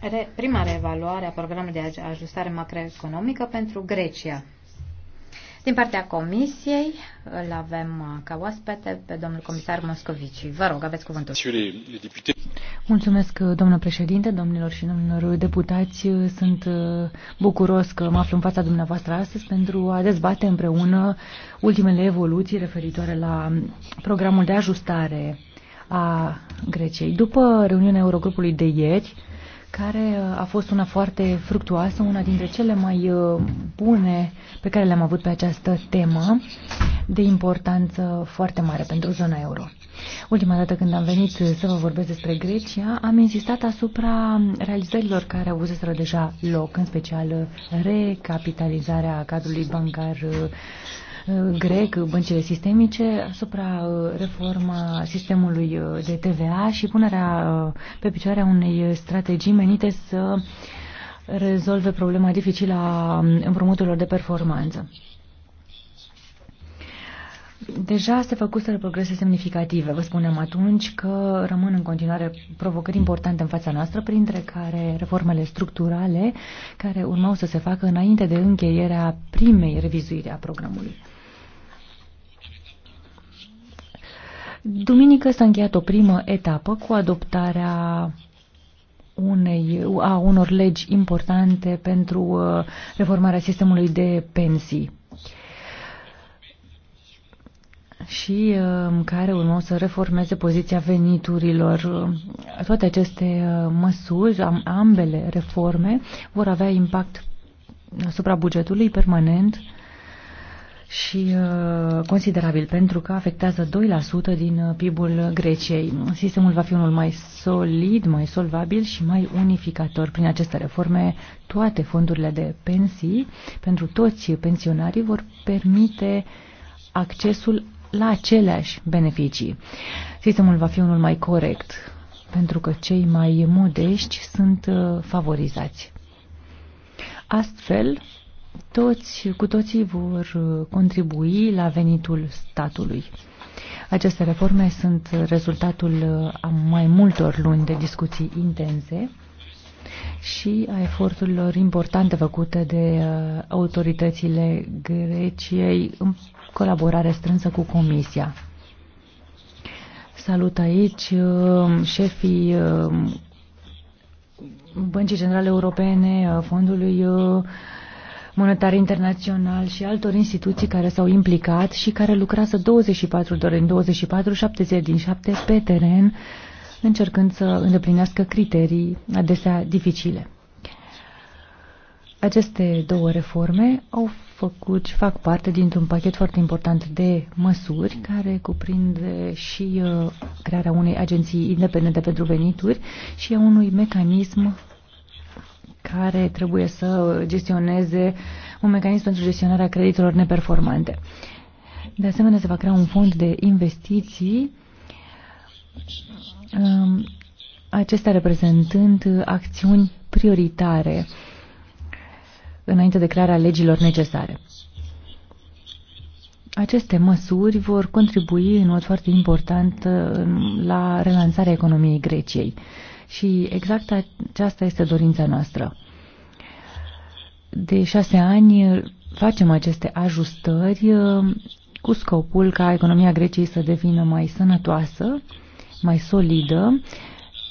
re, prima reevaluare a programului de ajustare macroeconomică pentru Grecia. Din partea Comisiei îl avem uh, ca oaspete pe domnul comisar Moscovici. Vă rog, aveți cuvântul. Mulțumesc, uh, domnule președinte, domnilor și domnilor deputați. Uh, sunt bucuros că mă aflu în fața dumneavoastră astăzi pentru a dezbate împreună ultimele evoluții referitoare la programul de ajustare a Greciei. După reuniunea Eurogrupului de ieri, care uh, a fost una foarte fructuoasă, una dintre cele mai uh, bune pe care le-am avut pe această temă de importanță foarte mare pentru zona euro. Ultima dată când am venit să vă vorbesc despre Grecia, am insistat asupra realizărilor care au avut deja loc, în special recapitalizarea cadrului bancar uh, grec, băncile sistemice, asupra uh, reforma sistemului uh, de TVA și punerea uh, pe picioare a unei strategii menite să rezolve problema dificilă a împrumuturilor de performanță. Deja se făcuseră progrese semnificative. Vă spunem atunci că rămân în continuare provocări importante în fața noastră, printre care reformele structurale care urmau să se facă înainte de încheierea primei revizuiri a programului. Duminică s-a încheiat o primă etapă cu adoptarea unei, a unor legi importante pentru uh, reformarea sistemului de pensii și uh, care urmau să reformeze poziția veniturilor. Toate aceste uh, măsuri, ambele reforme, vor avea impact asupra bugetului permanent și uh, considerabil pentru că afectează 2% din uh, PIB-ul Greciei. Sistemul va fi unul mai solid, mai solvabil și mai unificator. Prin aceste reforme, toate fondurile de pensii pentru toți pensionarii vor permite accesul la aceleași beneficii. Sistemul va fi unul mai corect pentru că cei mai modești sunt uh, favorizați. Astfel, toți, cu toții vor uh, contribui la venitul statului. Aceste reforme sunt rezultatul uh, a mai multor luni de discuții intense și a eforturilor importante făcute de uh, autoritățile Greciei în colaborare strânsă cu Comisia. Salut aici șefii Băncii Centrale Europene, Fondului Monetar Internațional și altor instituții care s-au implicat și care lucrează 24 de ore în 24, 70 din 7 pe teren, încercând să îndeplinească criterii adesea dificile. Aceste două reforme au făcut și fac parte dintr-un pachet foarte important de măsuri care cuprinde și uh, crearea unei agenții independente pentru venituri și a unui mecanism care trebuie să gestioneze un mecanism pentru gestionarea creditelor neperformante. De asemenea, se va crea un fond de investiții, um, acestea reprezentând acțiuni prioritare înainte de crearea legilor necesare. Aceste măsuri vor contribui în mod foarte important uh, la relansarea economiei Greciei. Și exact aceasta este dorința noastră. De șase ani facem aceste ajustări uh, cu scopul ca economia Greciei să devină mai sănătoasă, mai solidă,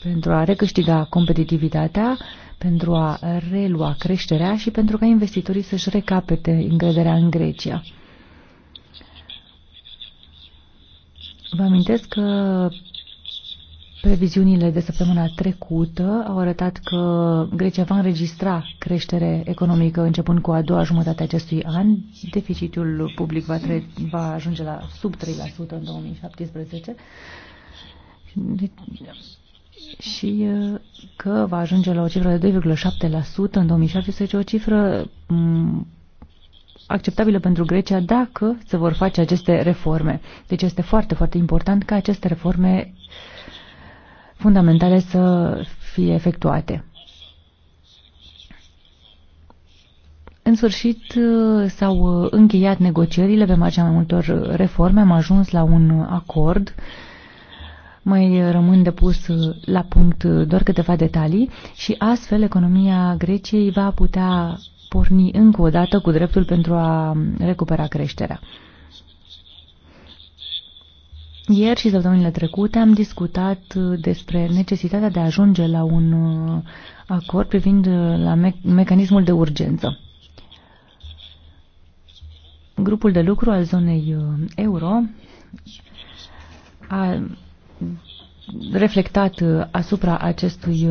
pentru a recâștiga competitivitatea, pentru a relua creșterea și pentru ca investitorii să-și recapete încrederea în Grecia. Vă amintesc că Previziunile de săptămâna trecută au arătat că Grecia va înregistra creștere economică începând cu a doua jumătate a acestui an. Deficitul public va, tre- va ajunge la sub 3% în 2017 și că va ajunge la o cifră de 2,7% în 2017, o cifră acceptabilă pentru Grecia dacă se vor face aceste reforme. Deci este foarte, foarte important ca aceste reforme uh, fundamentale să fie efectuate. În sfârșit uh, s-au uh, încheiat negocierile pe marginea multor reforme, am ajuns la un acord. Mai rămân depus uh, la punct doar câteva detalii și astfel economia Greciei va putea porni încă o dată cu dreptul pentru a recupera creșterea. Ieri și săptămânile trecute am discutat uh, despre necesitatea de a ajunge la un uh, acord privind uh, la me mecanismul de urgență. Grupul de lucru al zonei euro a reflectat asupra acestui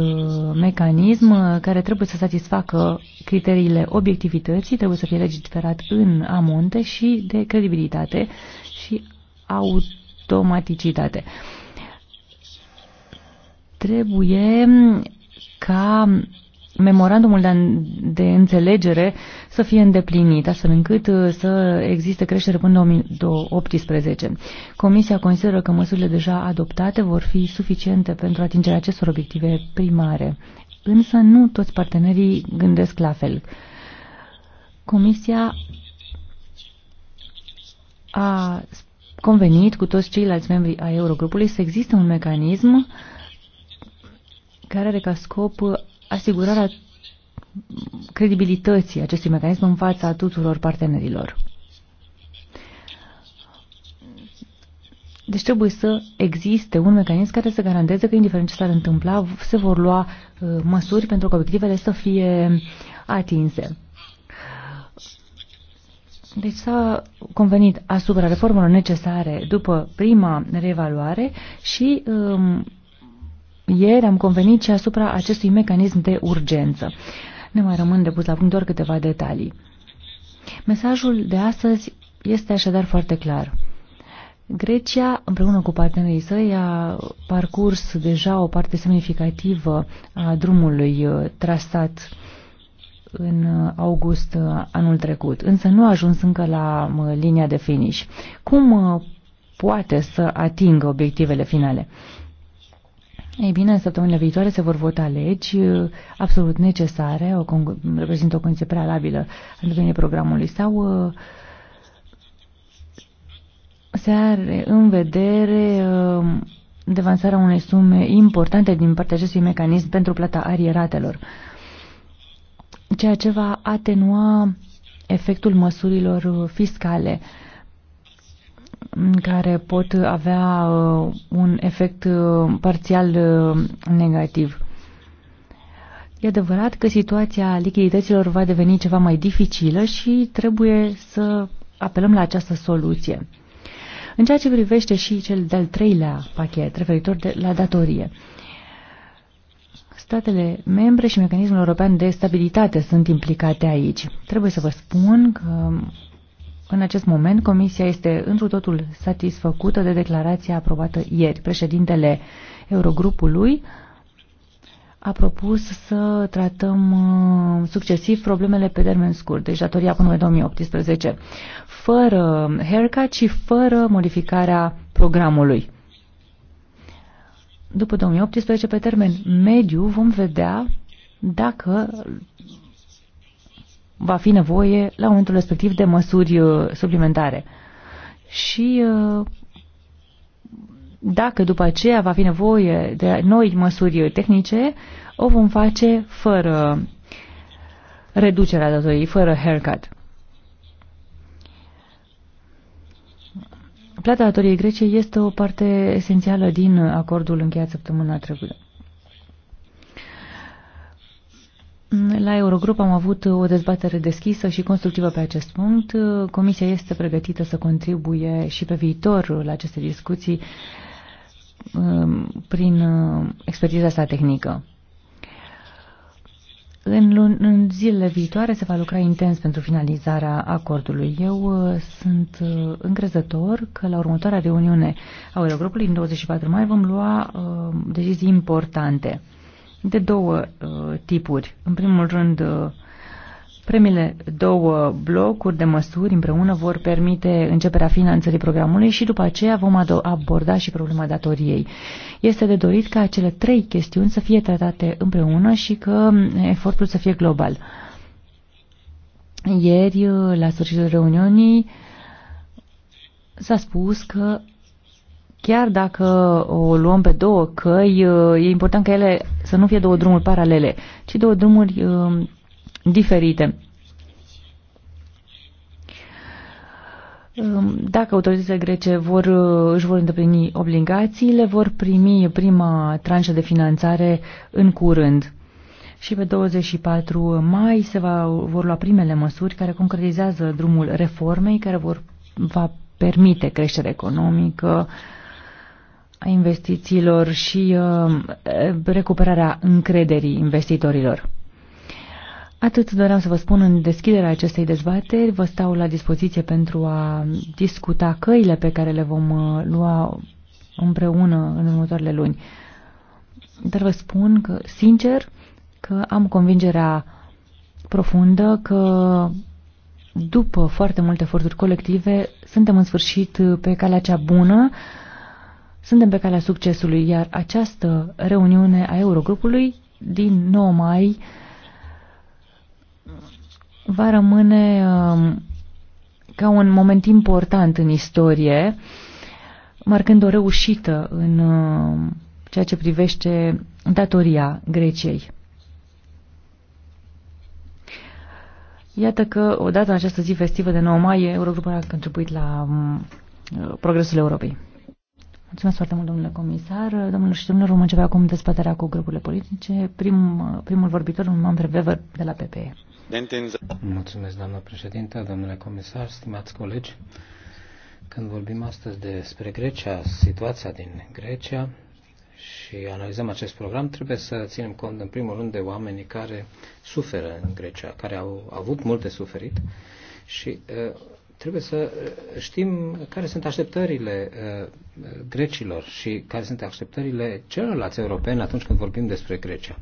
mecanism care trebuie să satisfacă criteriile obiectivității, trebuie să fie legiferat în amonte și de credibilitate și aut automaticitate. Trebuie ca memorandumul de, de înțelegere să fie îndeplinit, astfel încât uh, să existe creștere până în 2018. Comisia consideră că măsurile deja adoptate vor fi suficiente pentru atingerea acestor obiective primare, însă nu toți partenerii gândesc la fel. Comisia a convenit cu toți ceilalți membri ai Eurogrupului să existe un mecanism care are ca scop asigurarea credibilității acestui mecanism în fața tuturor partenerilor. Deci trebuie să existe un mecanism care să garanteze că, indiferent ce s-ar întâmpla, se vor lua uh, măsuri pentru ca obiectivele să fie atinse. Deci s-a convenit asupra reformelor necesare după prima reevaluare și um, ieri am convenit și asupra acestui mecanism de urgență. Ne mai rămân de pus la punct doar câteva detalii. Mesajul de astăzi este așadar foarte clar. Grecia, împreună cu partenerii săi, a parcurs deja o parte semnificativă a drumului uh, trasat uh, în uh, august uh, anul trecut, însă nu a ajuns încă la uh, linia de finish. Cum poate să atingă obiectivele finale? Ei bine, în săptămânile viitoare se vor vota legi absolut necesare, o reprezintă o condiție prealabilă în devenirea programului sau se are în vedere devansarea unei sume importante din partea acestui mecanism pentru plata arieratelor. ratelor ceea ce va atenua efectul măsurilor fiscale care pot avea uh, un efect uh, parțial uh, negativ. E adevărat că situația lichidităților va deveni ceva mai dificilă și trebuie să apelăm la această soluție. În ceea ce privește și cel de-al treilea pachet referitor de la datorie, uh, Statele membre și mecanismul european de stabilitate sunt implicate aici. Trebuie să vă spun că în acest moment Comisia este întru totul satisfăcută de declarația aprobată ieri. Președintele Eurogrupului a propus să tratăm uh, succesiv problemele pe termen scurt, deci datoria până în 2018, fără haircut și fără modificarea programului după 2018, pe termen mediu, vom vedea dacă va fi nevoie la momentul respectiv de măsuri uh, suplimentare. Și uh, dacă după aceea va fi nevoie de noi măsuri tehnice, o vom face fără reducerea datoriei, fără haircut. Plata datoriei Greciei este o parte esențială din acordul încheiat săptămâna trecută. La Eurogrup am avut o dezbatere deschisă și constructivă pe acest punct. Comisia este pregătită să contribuie și pe viitor la aceste discuții um, prin uh, expertiza sa tehnică. În, în zilele viitoare se va lucra intens pentru finalizarea acordului. Eu uh, sunt uh, încrezător că la următoarea reuniune a Eurogrupului, în 24 mai, vom lua uh, decizii importante de două uh, tipuri. În primul rând, uh, Primele două blocuri de măsuri împreună vor permite începerea finanțării programului și după aceea vom aborda și problema datoriei. Este de dorit ca acele trei chestiuni să fie tratate împreună și că efortul să fie global. Ieri, la sfârșitul reuniunii, s-a spus că chiar dacă o luăm pe două căi, e important ca ele să nu fie două drumuri paralele, ci două drumuri um, diferite. Ehm, dacă autoritățile grece vor, își vor îndeplini obligațiile, vor primi prima tranșă de finanțare în curând. Și pe 24 mai se va, vor lua primele măsuri care concretizează drumul reformei, care vor, va permite creștere economică a investițiilor și uh, recuperarea încrederii investitorilor. Atât doream să vă spun în deschiderea acestei dezbateri. Vă stau la dispoziție pentru a discuta căile pe care le vom uh, lua împreună în următoarele luni. Dar vă spun că, sincer, că am convingerea profundă că după foarte multe eforturi colective suntem în sfârșit pe calea cea bună, suntem pe calea succesului, iar această reuniune a Eurogrupului din 9 mai va rămâne um, ca un moment important în istorie, marcând o reușită în um, ceea ce privește datoria Greciei. Iată că, odată în această zi festivă de 9 mai, Eurogrupa a contribuit la um, uh, progresul Europei. Mulțumesc foarte mult, domnule comisar. Domnul și domnilor, vom începe acum dezbaterea cu grupurile politice. Prim, primul vorbitor, un membru Weber de la PPE. Mulțumesc, doamnă președinte, domnule comisar, stimați colegi. Când vorbim astăzi despre Grecia, situația din Grecia și analizăm acest program, trebuie să ținem cont în primul rând de oamenii care suferă în Grecia, care au avut multe suferit și Trebuie să uh, știm care sunt așteptările uh, uh, grecilor și care sunt așteptările celorlalți europeni atunci când vorbim despre Grecia.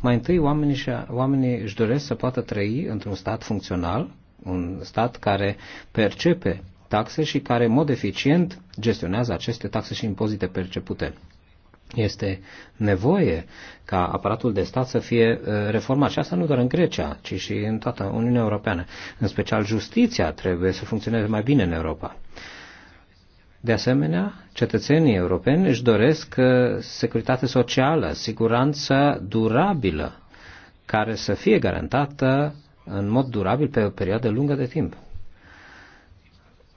Mai întâi, oamenii, și, oamenii își doresc să poată trăi într-un stat funcțional, un stat care percepe taxe și care, în mod eficient, gestionează aceste taxe și impozite percepute. Este nevoie ca aparatul de stat să fie uh, reformat și asta nu doar în Grecia, ci și în toată Uniunea Europeană. În special justiția trebuie să funcționeze mai bine în Europa. De asemenea, cetățenii europeni își doresc uh, securitate socială, siguranță durabilă, care să fie garantată în mod durabil pe o perioadă lungă de timp.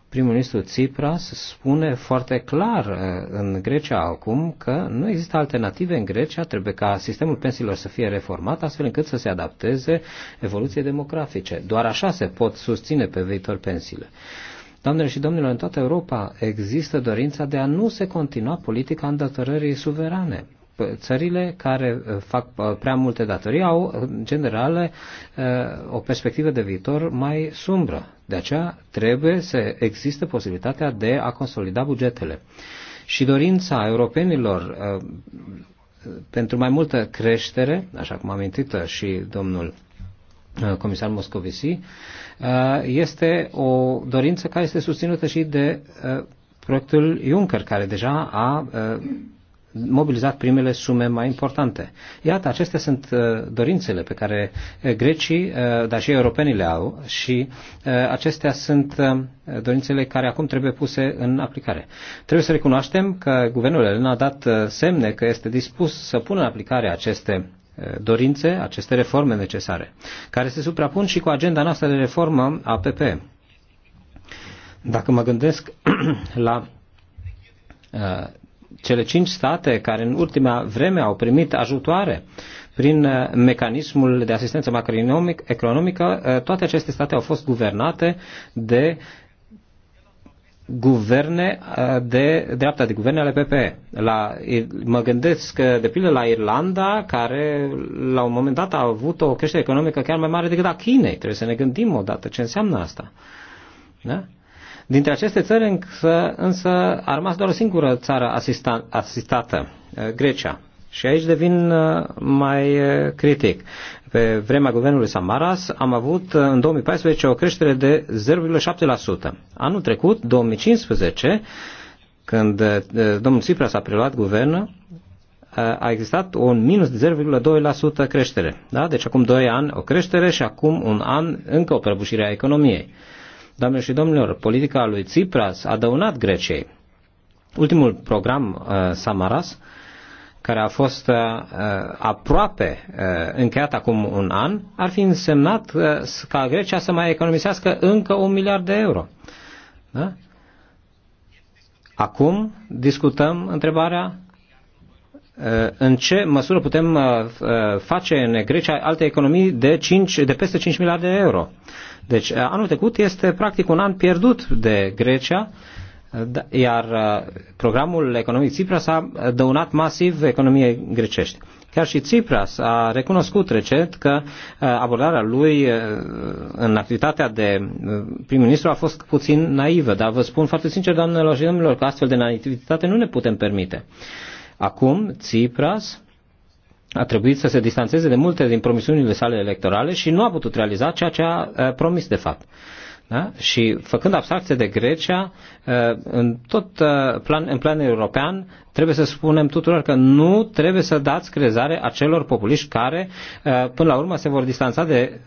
Primul ministru Tsipras spune foarte clar eh, în Grecia acum că nu există alternative în Grecia, trebuie ca sistemul pensiilor să fie reformat astfel încât să se adapteze evoluției demografice. Doar așa se pot susține pe viitor pensiile. Doamnelor și domnilor, în toată Europa există dorința de a nu se continua politica îndatorării suverane țările care uh, fac uh, prea multe datorii au, uh, în general, o perspectivă de viitor mai sumbră. De aceea trebuie să existe posibilitatea de a consolida bugetele. Și dorința europenilor pentru mai multă creștere, așa cum a amintit și domnul comisar Moscovici, este o dorință care este susținută și de proiectul Juncker, care deja a mobilizat primele sume mai importante. Iată, acestea sunt uh, dorințele pe care uh, grecii, uh, dar și europenii le au și acestea sunt dorințele care acum trebuie puse în aplicare. Trebuie să recunoaștem că guvernul Elen a dat semne că este dispus să pună în aplicare aceste dorințe, aceste reforme necesare, care se suprapun și cu agenda noastră de reformă a PP. Dacă mă gândesc la cele cinci state care în ultima vreme au primit ajutoare prin uh, mecanismul de asistență macroeconomică, uh, toate aceste state au fost guvernate de guverne uh, de dreapta de guverne ale PPE. La, mă gândesc că de pildă la Irlanda, care la un moment dat a avut o creștere economică chiar mai mare decât a Chinei. Trebuie să ne gândim odată ce înseamnă asta. Da? Dintre aceste țări însă, însă a rămas doar o singură țară asista, asistată, uh, Grecia. Și aici devin uh, mai uh, critic. Pe vremea guvernului Samaras am avut în 2014 o creștere de 0,7%. Anul trecut, 2015, când domnul Tsipras a preluat guvernul, a existat un minus de 0,2% creștere. Da? Deci acum 2 ani o creștere și acum un an încă o prăbușire a economiei. Doamne și domnilor, politica lui Tsipras a dăunat Greciei. Ultimul program uh, Samaras, care a fost uh, uh, aproape încheiat acum un an, ar fi însemnat ca Grecia să mai economisească încă un miliard de euro. Da? Acum discutăm întrebarea în ce măsură putem face în Grecia alte economii de, 5, de peste 5 miliarde de euro. Deci eh, anul trecut este practic un an pierdut de Grecia, eh, da, iar eh, programul economic Tsipras a dăunat masiv economiei grecești. Chiar și Tsipras a recunoscut recent că abordarea lui în activitatea de prim-ministru a fost puțin naivă, dar vă spun foarte sincer, doamnelor și domnilor, că astfel de naivitate nu ne putem permite. Acum, Tsipras a trebuit să se distanțeze de multe din promisiunile sale electorale și nu a putut realiza ceea ce a promis de fapt. Da? Și făcând abstracție de Grecia, în tot plan, în plan european, trebuie să spunem tuturor că nu trebuie să dați crezare acelor populiști care, până la urmă, se vor distanța de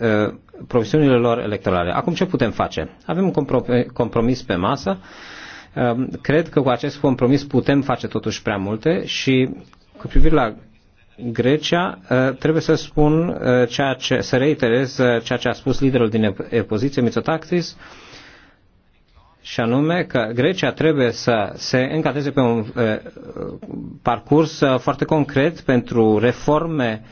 promisiunile lor electorale. Acum ce putem face? Avem un compromis pe masă. Cred că cu acest compromis putem face totuși prea multe și cu privire la Grecia, uh, trebuie să spun uh, ceea ce, să reiterez uh, ceea ce a spus liderul din opoziție, Mitsotakis, și anume că Grecia trebuie să se încadreze pe un parcurs foarte concret pentru reforme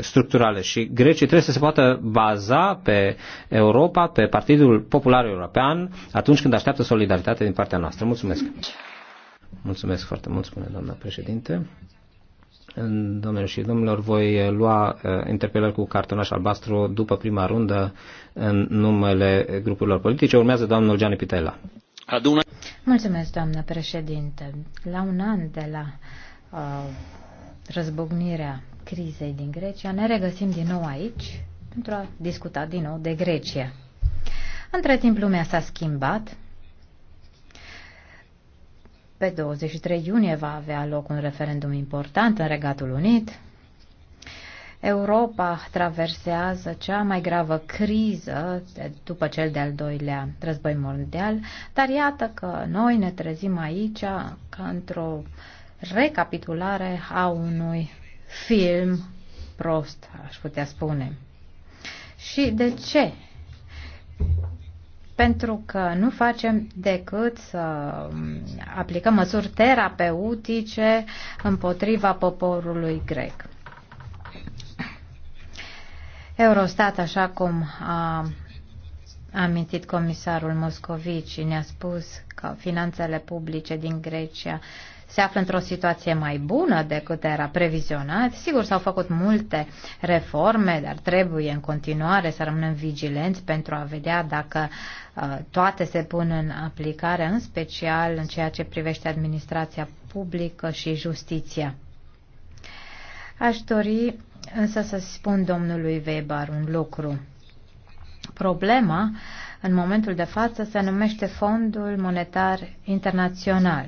structurale și Grecia trebuie să se poată baza pe Europa, pe Partidul Popular European atunci când așteaptă solidaritate din partea noastră. Mulțumesc! Mulțumesc foarte mult, spune doamna președinte. Domnilor și domnilor, voi eh, lua eh, interpelări cu cartonaș albastru după prima rundă în numele grupurilor politice. Urmează domnul Gianni Pitela. Adună. Mulțumesc, doamnă președinte. La un an de la uh, războgnirea crizei din Grecia, ne regăsim din nou aici pentru a discuta din nou de Grecia. Între timp lumea s-a schimbat, pe 23 iunie va avea loc un referendum important în Regatul Unit. Europa traversează cea mai gravă criză după cel de-al doilea război mondial, dar iată că noi ne trezim aici ca într-o recapitulare a unui film prost, aș putea spune. Și de ce pentru că nu facem decât să um, aplicăm măsuri terapeutice împotriva poporului grec. Eurostat, așa cum a amintit comisarul Moscovici, ne-a spus că finanțele publice din Grecia se află într-o situație mai bună decât era previzionat. Sigur, s-au făcut multe reforme, dar trebuie în continuare să rămânem vigilenți pentru a vedea dacă uh, toate se pun în aplicare, în special în ceea ce privește administrația publică și justiția. Aș dori însă să spun domnului Weber un lucru. Problema uh, în momentul de față se numește Fondul Monetar Internațional.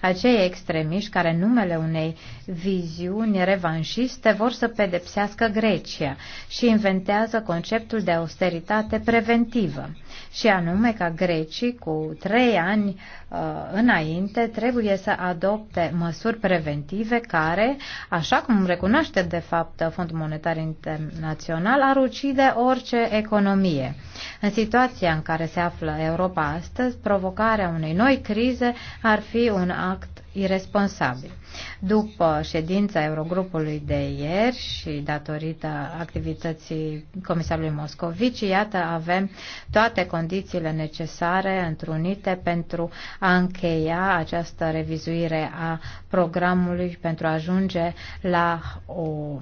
Acei extremiști care numele unei viziuni revanșiste vor să pedepsească Grecia și inventează conceptul de austeritate preventivă și anume ca grecii cu trei ani uh, înainte trebuie să adopte măsuri preventive care, așa cum recunoaște de fapt Fondul Monetar Internațional, ar ucide orice economie. În situația în care se află Europa astăzi, provocarea unei noi crize ar fi un act irresponsabil. După ședința Eurogrupului de ieri și datorită activității comisarului Moscovici, iată, avem toate condițiile necesare întrunite pentru a încheia această revizuire a programului pentru a ajunge la o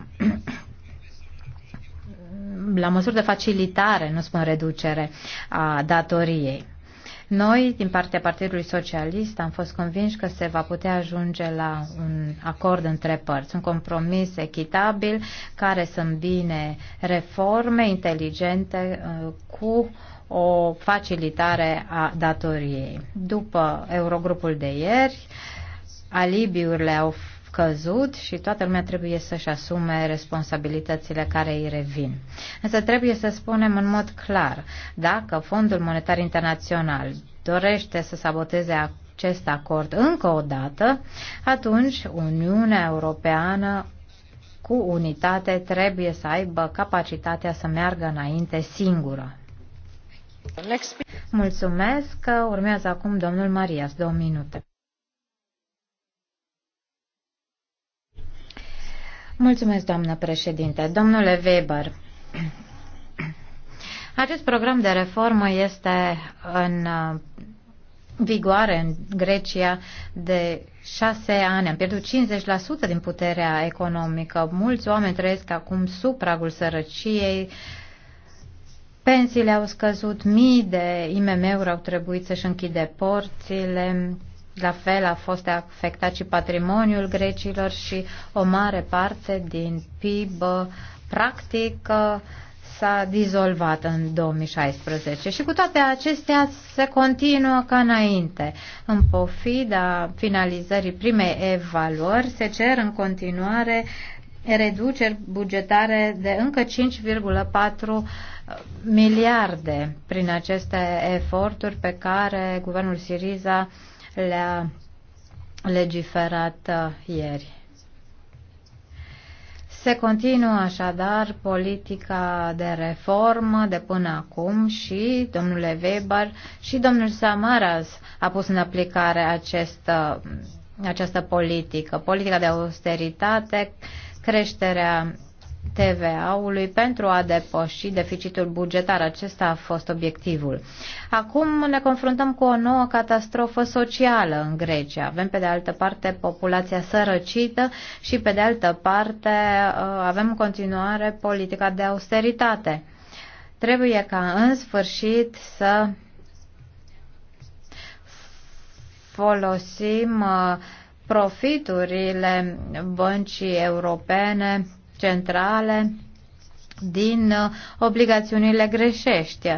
la măsuri de facilitare, nu spun reducere, a datoriei. Noi, din partea Partidului Socialist, am fost convinși că se va putea ajunge la un acord între părți, un compromis echitabil care să îmbine reforme inteligente uh, cu o facilitare a datoriei. După Eurogrupul de ieri, alibiurile au căzut și toată lumea trebuie să-și asume responsabilitățile care îi revin. Însă trebuie să spunem în mod clar, dacă Fondul Monetar Internațional dorește să saboteze acest acord încă o dată, atunci Uniunea Europeană cu unitate trebuie să aibă capacitatea să meargă înainte singură. Mulțumesc. Urmează acum domnul Marias, două minute. Mulțumesc, doamnă președinte. Domnule Weber, acest program de reformă este în uh, vigoare în Grecia de șase ani. Am pierdut 50% din puterea economică. Mulți oameni trăiesc acum sub pragul sărăciei. Pensiile au scăzut, mii de IMM-uri au trebuit să-și închide porțile la fel a fost afectat și patrimoniul grecilor și o mare parte din PIB practic s-a dizolvat în 2016 și cu toate acestea se continuă ca înainte. În pofida finalizării primei evaluări se cer în continuare reduceri bugetare de încă 5,4 miliarde prin aceste eforturi pe care guvernul Siriza le-a legiferat uh, ieri. Se continuă așadar politica de reformă de până acum și domnule Weber și domnul Samaras a pus în aplicare această, uh, această politică, politica de austeritate, creșterea TVA-ului pentru a depăși deficitul bugetar. Acesta a fost obiectivul. Acum ne confruntăm cu o nouă catastrofă socială în Grecia. Avem pe de altă parte populația sărăcită și pe de altă parte uh, avem în continuare politica de austeritate. Trebuie ca în sfârșit să folosim uh, profiturile băncii europene centrale din uh, obligațiunile greșești.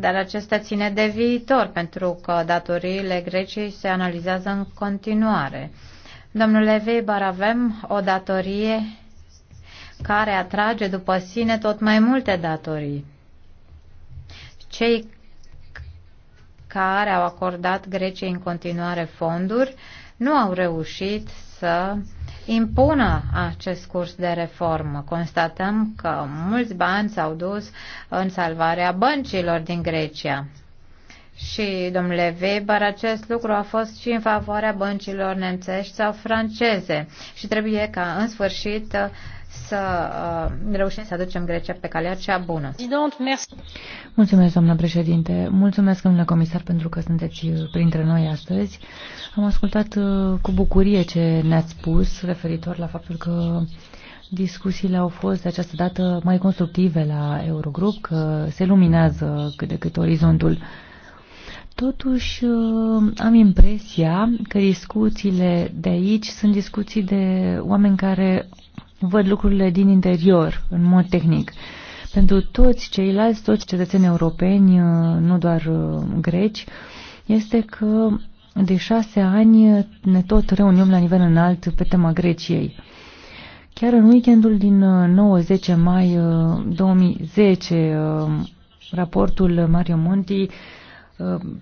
Dar acesta ține de viitor, pentru că datoriile Greciei se analizează în continuare. Domnule Weber, avem o datorie care atrage după sine tot mai multe datorii. Cei care au acordat Greciei în continuare fonduri nu au reușit să impună acest curs de reformă. Constatăm că mulți bani s-au dus în salvarea băncilor din Grecia. Și, domnule Weber, acest lucru a fost și în favoarea băncilor nemțești sau franceze. Și trebuie ca, în sfârșit, să uh, reușim să aducem Grecia pe calea cea bună. Mulțumesc, doamnă președinte. Mulțumesc, domnule comisar, pentru că sunteți printre noi astăzi. Am ascultat uh, cu bucurie ce ne-ați spus referitor la faptul că discuțiile au fost de această dată mai constructive la Eurogrup, că se luminează cât de cât orizontul. Totuși, uh, am impresia că discuțiile de aici sunt discuții de oameni care văd lucrurile din interior, în mod tehnic. Pentru toți ceilalți, toți cetățenii europeni, uh, nu doar uh, greci, este că de șase ani ne tot reunim la nivel înalt pe tema Greciei. Chiar în weekendul din 9-10 uh, mai 2010, raportul Mario Monti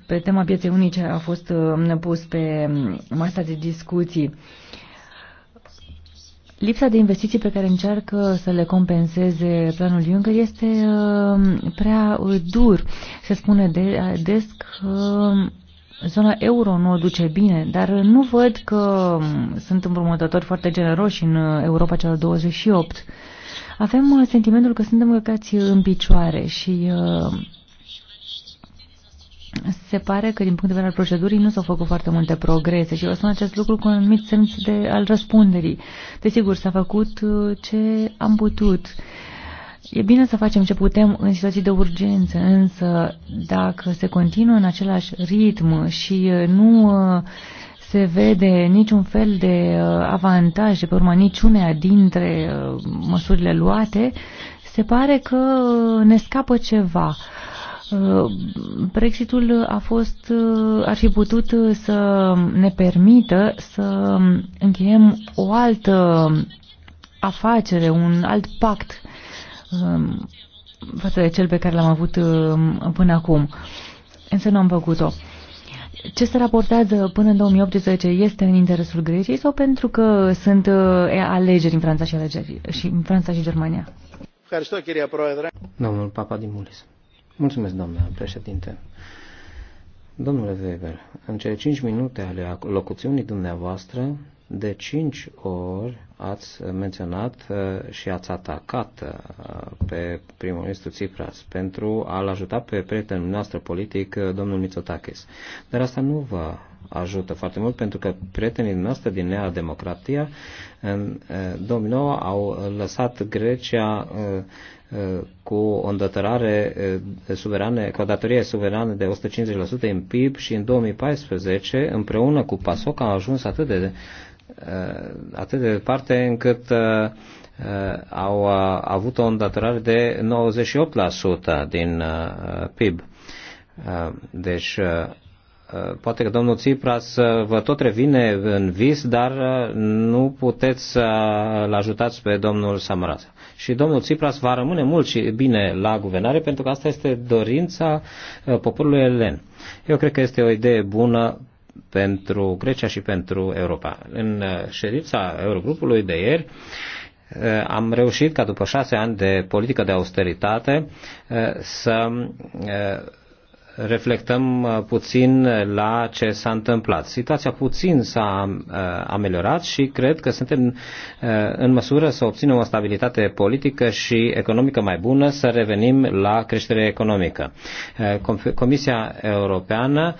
pe tema pieței unice a fost pus pe um, masa de discuții. Lipsa de investiții pe care încearcă să le compenseze planul Juncker este um, prea uh, dur. Se spune de, des că um, zona euro nu o duce bine, dar uh, nu văd că um, sunt împrumutători foarte generoși în uh, Europa celor 28. Avem sentimentul că suntem găcați în picioare și uh, se pare că din punct de vedere al procedurii nu s-au făcut foarte multe progrese și vă spun acest lucru cu un anumit simț de, al răspunderii. Desigur, s-a făcut uh, ce am putut. E bine să facem ce putem în situații de urgență, însă dacă se continuă în același ritm și uh, nu uh, se vede niciun fel de avantaj de pe urma niciunea dintre măsurile luate, se pare că ne scapă ceva. Uh, Brexitul a fost, uh, ar fi putut uh, să ne permită să încheiem o altă afacere, un alt pact um, față de cel pe care l-am avut um, până acum. Însă nu am făcut-o. Ce se raportează până în 2018 este în interesul Greciei sau pentru că sunt alegeri în Franța și, alegeri, și, în Franța și Germania? Domnul Papa din Mulis. Mulțumesc, doamna președinte. Domnule Weber, în cele 5 minute ale locuțiunii dumneavoastră, de 5 ori ați menționat uh, și ați atacat uh, pe primul ministru Tsipras pentru a-l ajuta pe prietenul noastră politic, uh, domnul Mitsotakis. Dar asta nu vă ajută foarte mult pentru că prietenii noastre din Nea Democratia în 2009 au lăsat Grecia cu o îndătărare suverană, cu o datorie suverană de 150% în PIB și în 2014, împreună cu PASOC, a ajuns atât de, atât de departe încât au avut o îndatorare de 98% din PIB. Deci, poate că domnul Tsipras vă tot revine în vis, dar nu puteți să-l ajutați pe domnul Samaras și domnul Tsipras va rămâne mult și bine la guvernare pentru că asta este dorința uh, poporului elen. Eu cred că este o idee bună pentru Grecia și pentru Europa. În uh, ședința Eurogrupului de ieri, uh, am reușit ca după șase ani de politică de austeritate să reflectăm uh, puțin la ce s-a întâmplat. Situația puțin s-a uh, ameliorat și cred că suntem uh, în măsură să obținem o stabilitate politică și economică mai bună, să revenim la creștere economică. Comisia Europeană,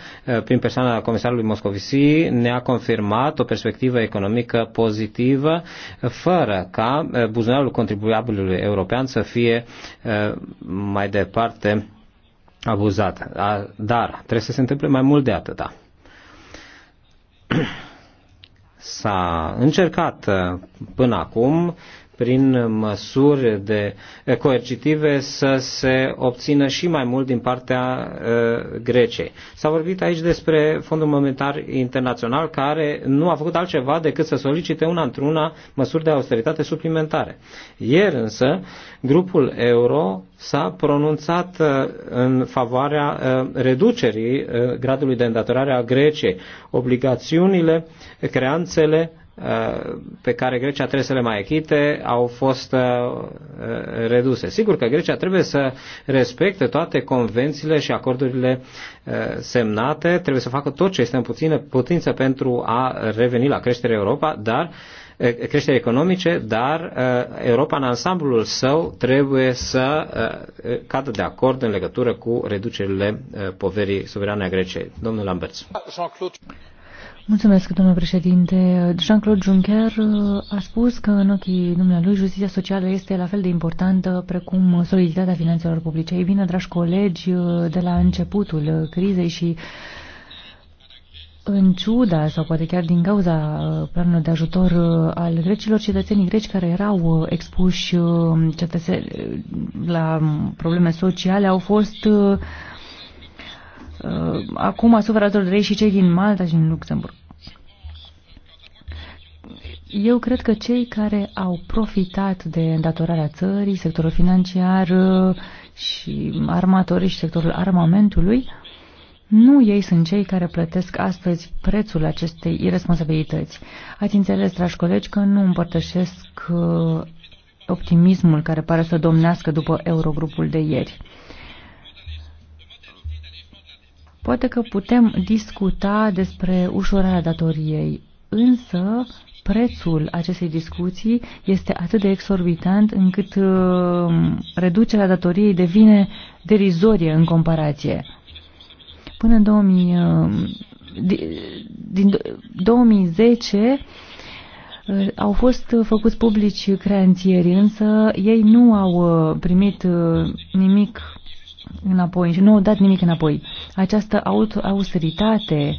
prin persoana comisarului Moscovici, ne-a confirmat o perspectivă economică pozitivă, fără ca buzunarul contribuabilului european să fie mai departe abuzat. Dar trebuie să se întâmple mai mult de atâta. S-a încercat uh, până acum prin măsuri de eh, coercitive să se obțină și mai mult din partea eh, Greciei. S-a vorbit aici despre Fondul Monetar Internațional care nu a făcut altceva decât să solicite una într-una măsuri de austeritate suplimentare. Ieri însă, grupul euro s-a pronunțat eh, în favoarea reducerii gradului de îndatorare a Greciei. Obligațiunile, creanțele Uh, pe care Grecia trebuie să le mai echite au fost uh, uh, reduse. Sigur că Grecia trebuie să respecte toate convențiile și acordurile semnate, trebuie să facă tot ce este în puțină putință pentru a reveni la creșterea Europa, dar creștere economice, dar Europa în ansamblul său trebuie să cadă de acord în legătură cu reducerile poverii suverane a Greciei. Domnul Lamberts. Mulțumesc, domnule președinte. Jean-Claude Juncker uh, a spus că în ochii dumnealui justiția socială este la fel de importantă precum soliditatea finanțelor publice. Ei bine, dragi colegi, uh, de la începutul crizei și în ciuda sau poate chiar din cauza uh, planului de ajutor al grecilor, cetățenii greci care erau expuși la probleme sociale au fost acum asupra altor rei și cei din Malta și din Luxemburg. Eu cred că cei care au profitat de îndatorarea țării, sectorul financiar uh, și armatorii și sectorul armamentului, nu ei sunt cei care plătesc astăzi prețul acestei irresponsabilități. Ați înțeles, dragi colegi, că nu împărtășesc uh, optimismul care pare să domnească după Eurogrupul de ieri. Poate că putem discuta despre ușurarea datoriei, însă prețul acestei discuții este atât de exorbitant încât uh, reducerea datoriei devine derizorie în comparație. Până în 2000, uh, din 2010 uh, au fost făcuți publici creanțierii, însă ei nu au primit nimic înapoi și nu au dat nimic înapoi. Această austeritate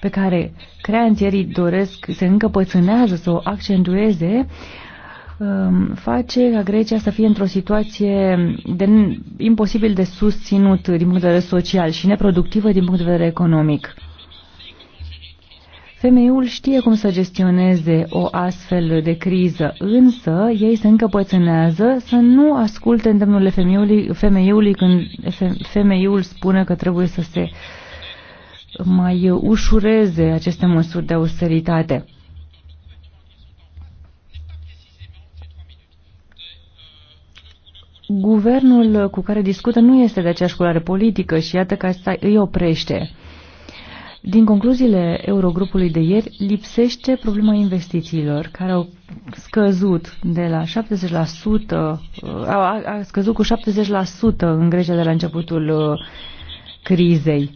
pe care creanțierii doresc, se încăpățânează să o accentueze, um, face ca Grecia să fie într-o situație de, imposibil de susținut din punct de vedere social și neproductivă din punct de vedere economic. Femeiul știe cum să gestioneze o astfel de criză, însă ei se încăpățânează să nu asculte îndemnurile femeiului, femeiului când fe, femeiul spune că trebuie să se uh, mai ușureze aceste măsuri de austeritate. Guvernul cu care discută nu este de aceeași culoare politică și iată că asta îi oprește. Din concluziile Eurogrupului de ieri, lipsește problema investițiilor, care au scăzut de la 70%, a, a scăzut cu 70% în Grecia de la începutul uh, crizei.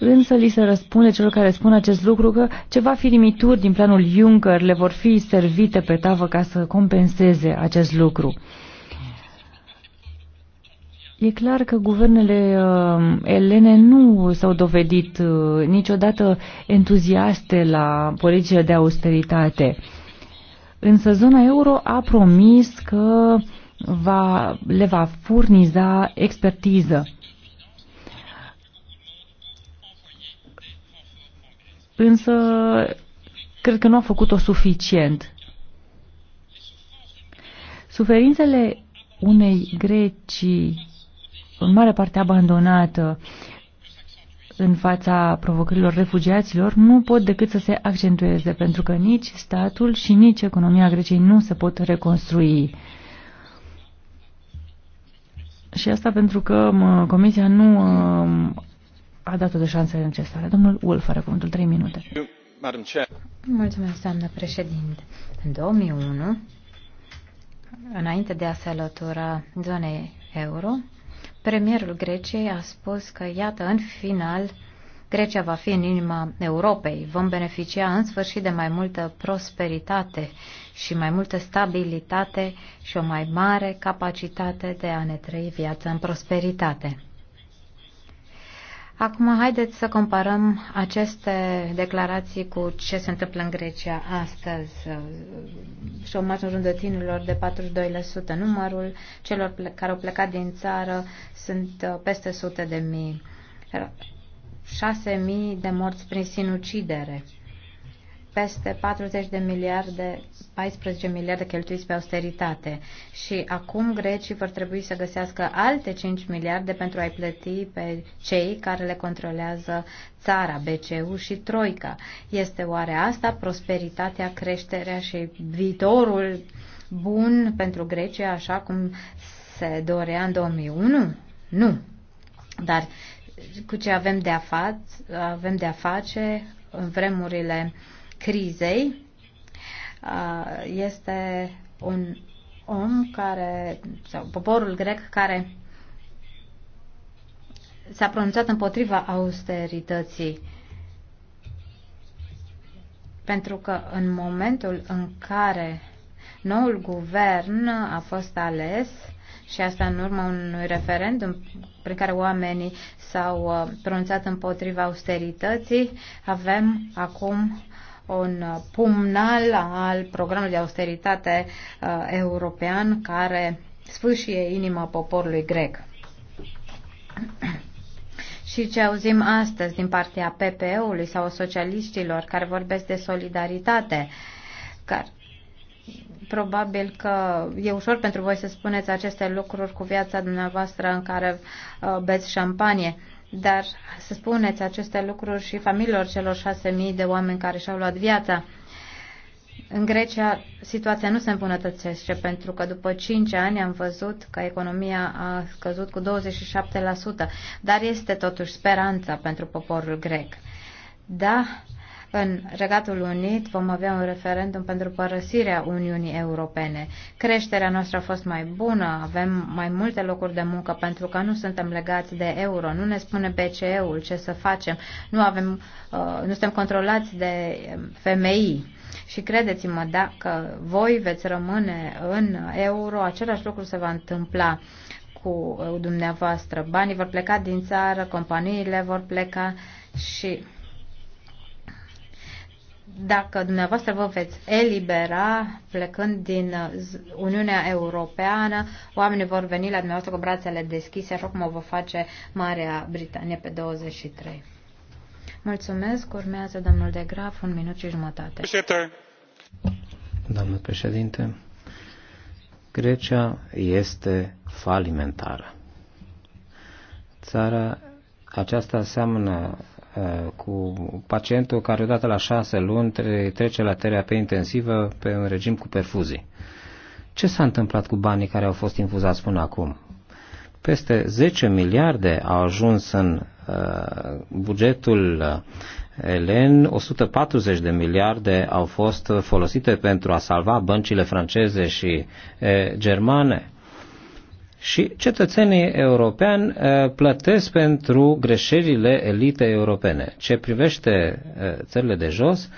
Însă li se răspunde celor care spun acest lucru că ceva firimituri din planul Juncker le vor fi servite pe tavă ca să compenseze acest lucru. E clar că guvernele uh, elene nu s-au dovedit uh, niciodată entuziaste la politicile de austeritate. Însă zona euro a promis că va, le va furniza expertiză însă cred că nu a făcut-o suficient. Suferințele unei Grecii, în mare parte abandonată, în fața provocărilor refugiaților nu pot decât să se accentueze, pentru că nici statul și nici economia Greciei nu se pot reconstrui. Și asta pentru că Comisia nu a dat de șansele necesare. Domnul Wolf are cuvântul 3 minute. Mulțumesc, doamnă președinte. În 2001, înainte de a se alătura zonei euro, premierul Greciei a spus că, iată, în final, Grecia va fi în inima Europei. Vom beneficia în sfârșit de mai multă prosperitate și mai multă stabilitate și o mai mare capacitate de a ne trăi viața în prosperitate. Acum haideți să comparăm aceste declarații cu ce se întâmplă în Grecia astăzi. Șomajul rândătinilor de 42%, numărul celor care au plecat din țară sunt uh, peste sute de mii. 6.000 de morți prin sinucidere peste 40 de miliarde, 14 miliarde cheltuiți pe austeritate și acum grecii vor trebui să găsească alte 5 miliarde pentru a-i plăti pe cei care le controlează țara, BCU și Troica. Este oare asta prosperitatea, creșterea și viitorul bun pentru Grecia așa cum se dorea în 2001? Nu. Dar cu ce avem de a, fa- avem de a face în vremurile uh, crizei este un om care, sau poporul grec care s-a pronunțat împotriva austerității. Pentru că în momentul în care noul guvern a fost ales, și asta în urma unui referendum prin care oamenii s-au uh, pronunțat împotriva austerității, avem acum un pumnal al programului de austeritate uh, european care sfâșie inima poporului grec. Și ce auzim astăzi din partea PPE-ului sau socialiștilor care vorbesc de solidaritate, care probabil că e ușor pentru voi să spuneți aceste lucruri cu viața dumneavoastră în care uh, beți șampanie. Uh, dar să spuneți aceste lucruri și familiilor celor șase mii de oameni care și-au luat viața. În Grecia situația nu se îmbunătățește pentru că după 5 ani am văzut că economia a scăzut cu 27%, dar este totuși speranța pentru poporul grec. Da, în Regatul Unit vom avea un referendum pentru părăsirea Uniunii Europene. Creșterea noastră a fost mai bună, avem mai multe locuri de muncă pentru că nu suntem legați de euro, nu ne spune BCE-ul ce să facem, nu, avem, uh, nu suntem controlați de um, femei. Și credeți-mă, dacă voi veți rămâne în euro, același lucru se va întâmpla cu dumneavoastră. Banii vor pleca din țară, companiile vor pleca și dacă dumneavoastră vă veți elibera plecând din uh, Uniunea Europeană, oamenii vor veni la dumneavoastră cu brațele deschise, așa cum o vă face Marea Britanie pe 23. Mulțumesc. Urmează domnul de Graf, un minut și jumătate. Doamnă președinte, Grecia este falimentară. Țara aceasta seamănă Eh, cu pacientul care odată la șase luni trece la terapie intensivă pe un regim cu perfuzii. Ce s-a întâmplat cu banii care au fost infuzați până acum? Peste 10 miliarde au ajuns în uh, bugetul eh, elen, 140 de miliarde au fost folosite pentru a salva băncile franceze și uh, germane și cetățenii europeni eh, plătesc pentru greșelile elitei europene. Ce privește eh, țările de jos,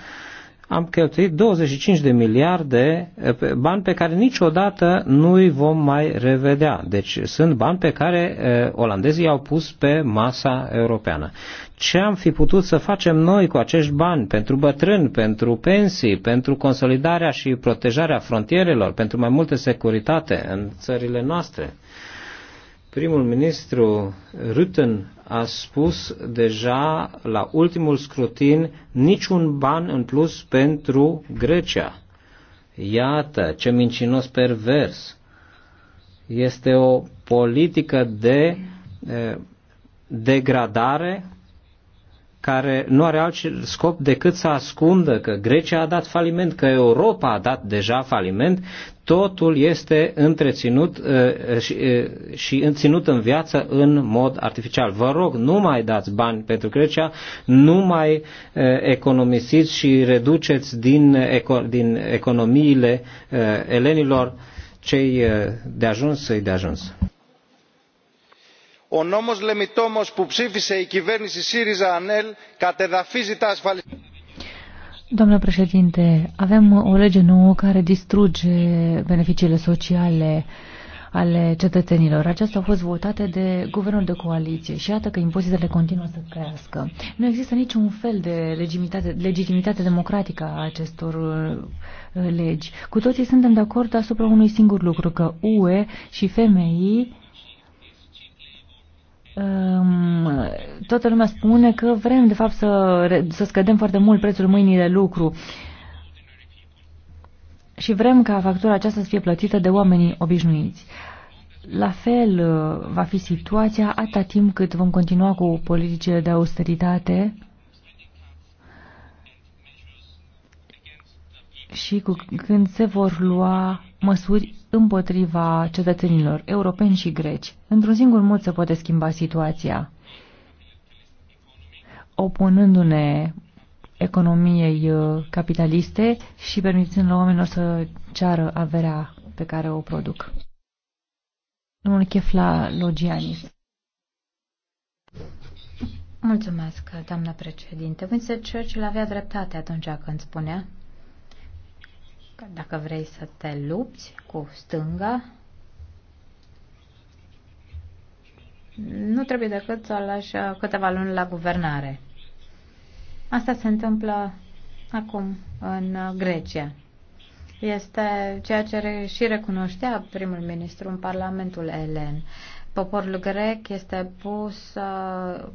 am cheltuit 25 de miliarde eh, bani pe care niciodată nu îi vom mai revedea. Deci sunt bani pe care olandezii au pus pe masa europeană. Ce am fi putut să facem noi cu acești bani pentru bătrâni, pentru pensii, pentru consolidarea și protejarea frontierelor, pentru mai multă securitate în țările noastre? primul ministru Rutten a spus deja la ultimul scrutin niciun ban în plus pentru Grecia. Iată ce mincinos pervers. Este o politică de degradare care nu are alt scop decât să ascundă că Grecia a dat faliment, că Europa a dat deja faliment, totul este întreținut uh, uh, și, uh, și înținut în viață în mod artificial. Vă rog, nu mai dați bani pentru Grecia, nu mai economisiți și reduceți din, din economiile elenilor cei de ajuns să-i de ajuns. Ο νόμος Λεμιτόμος που ψήφισε η κυβέρνηση ΣΥΡΙΖΑ-ΑΝΕΛ κατεδαφίζει τα ασφαλιστικά Domnule președinte, avem o lege nouă care distruge beneficiile sociale ale cetățenilor. Acestea au fost votate de guvernul de coaliție și iată că impozitele continuă să crească. Nu există niciun fel de legitimitate, legitimitate democratică a acestor uh, legi. Cu toții suntem de acord asupra unui singur lucru, că UE și FMI Ehm, toată lumea spune că vrem, de fapt, să, să scădem foarte mult prețul mâinii de lucru și vrem ca factura aceasta să fie plătită de oamenii obișnuiți. La fel eh, va fi situația atâta timp cât vom continua cu politicile de austeritate și cu, când se vor lua măsuri împotriva cetățenilor europeni și greci. Într-un singur mod se poate schimba situația. Opunându-ne economiei uh, capitaliste și permițând la oamenilor să ceară averea pe care o produc. Domnul Chefla Logianis. Mulțumesc, doamnă președinte. Winston Churchill avea dreptate atunci când spunea dacă vrei să te lupți cu stânga, nu trebuie decât să lași uh, câteva luni la guvernare. Asta se întâmplă acum în uh, Grecia. Este ceea ce și recunoștea primul ministru în Parlamentul Elen. Poporul grec este pus uh,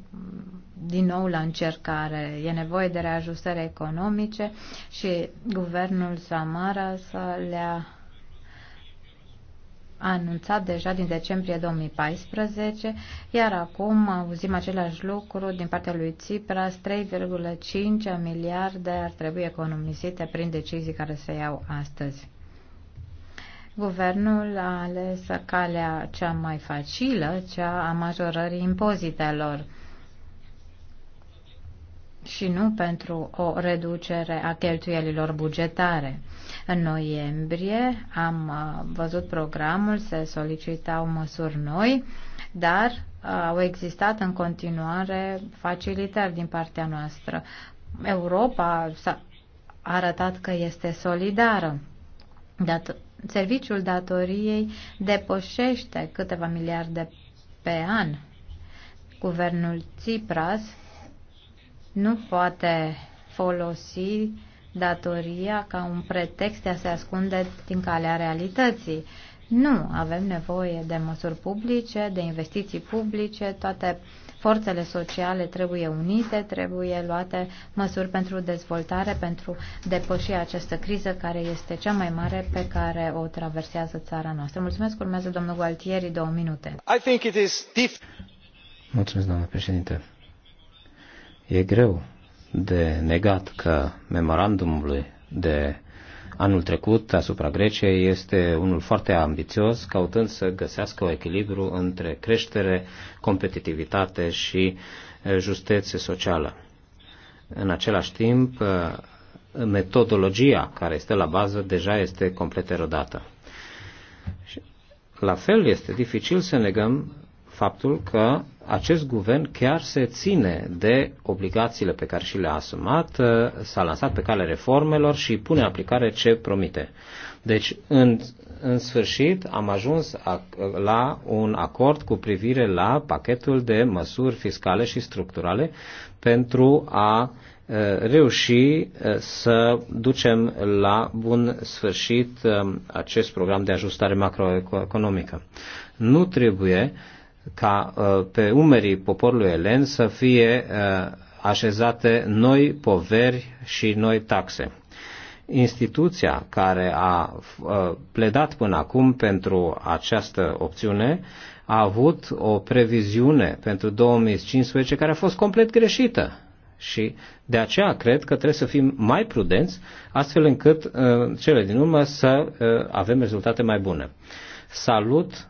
din nou la încercare. E nevoie de reajustări economice și guvernul să le-a anunțat deja din decembrie 2014, iar acum auzim același lucru din partea lui Tsipras, 3,5 miliarde ar trebui economisite prin decizii care se iau astăzi. Guvernul a ales calea cea mai facilă, cea a majorării impozitelor și nu pentru o reducere a cheltuielilor bugetare. În noiembrie am uh, văzut programul, se solicitau măsuri noi, dar uh, au existat în continuare facilitări din partea noastră. Europa s-a arătat că este solidară. Dat serviciul datoriei depășește câteva miliarde pe an. Guvernul Tsipras nu poate folosi datoria ca un pretext de a se ascunde din calea realității. Nu, avem nevoie de măsuri publice, de investiții publice, toate forțele sociale trebuie unite, trebuie luate măsuri pentru dezvoltare, pentru depăși această criză care este cea mai mare pe care o traversează țara noastră. Mulțumesc, urmează domnul Gualtieri, două minute. I think it is Mulțumesc, doamnă președinte. E greu de negat că memorandumului de anul trecut asupra Greciei este unul foarte ambițios, căutând să găsească o echilibru între creștere, competitivitate și eh, justețe socială. În același timp, eh, metodologia care este la bază deja este complet erodată. La fel este dificil să negăm faptul că acest guvern chiar se ține de obligațiile pe care și le-a asumat, uh, s-a lansat pe calea reformelor și pune în aplicare ce promite. Deci, în, în sfârșit, am ajuns la un acord cu privire la pachetul de măsuri fiscale și structurale pentru a uh, reuși uh, să ducem la bun sfârșit um, acest program de ajustare macroeconomică. Nu trebuie ca uh, pe umerii poporului elen să fie uh, așezate noi poveri și noi taxe. Instituția care a uh, pledat până acum pentru această opțiune a avut o previziune pentru 2015 care a fost complet greșită. Și de aceea cred că trebuie să fim mai prudenți, astfel încât cele din urmă să avem rezultate mai bune. Salut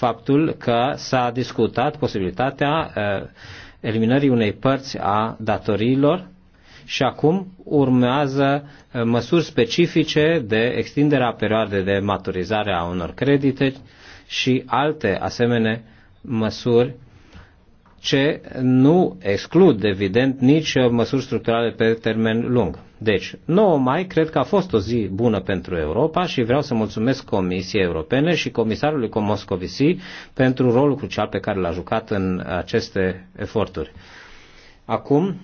faptul că s-a discutat posibilitatea eh, eliminării unei părți a datoriilor și acum urmează eh, măsuri specifice de extindere a perioadei de maturizare a unor credite și alte asemenea măsuri ce nu exclud, evident, nici măsuri structurale pe termen lung. Deci, 9 mai cred că a fost o zi bună pentru Europa și vreau să mulțumesc Comisiei Europene și comisarului Comoscovici pentru rolul crucial pe care l-a jucat în aceste eforturi. Acum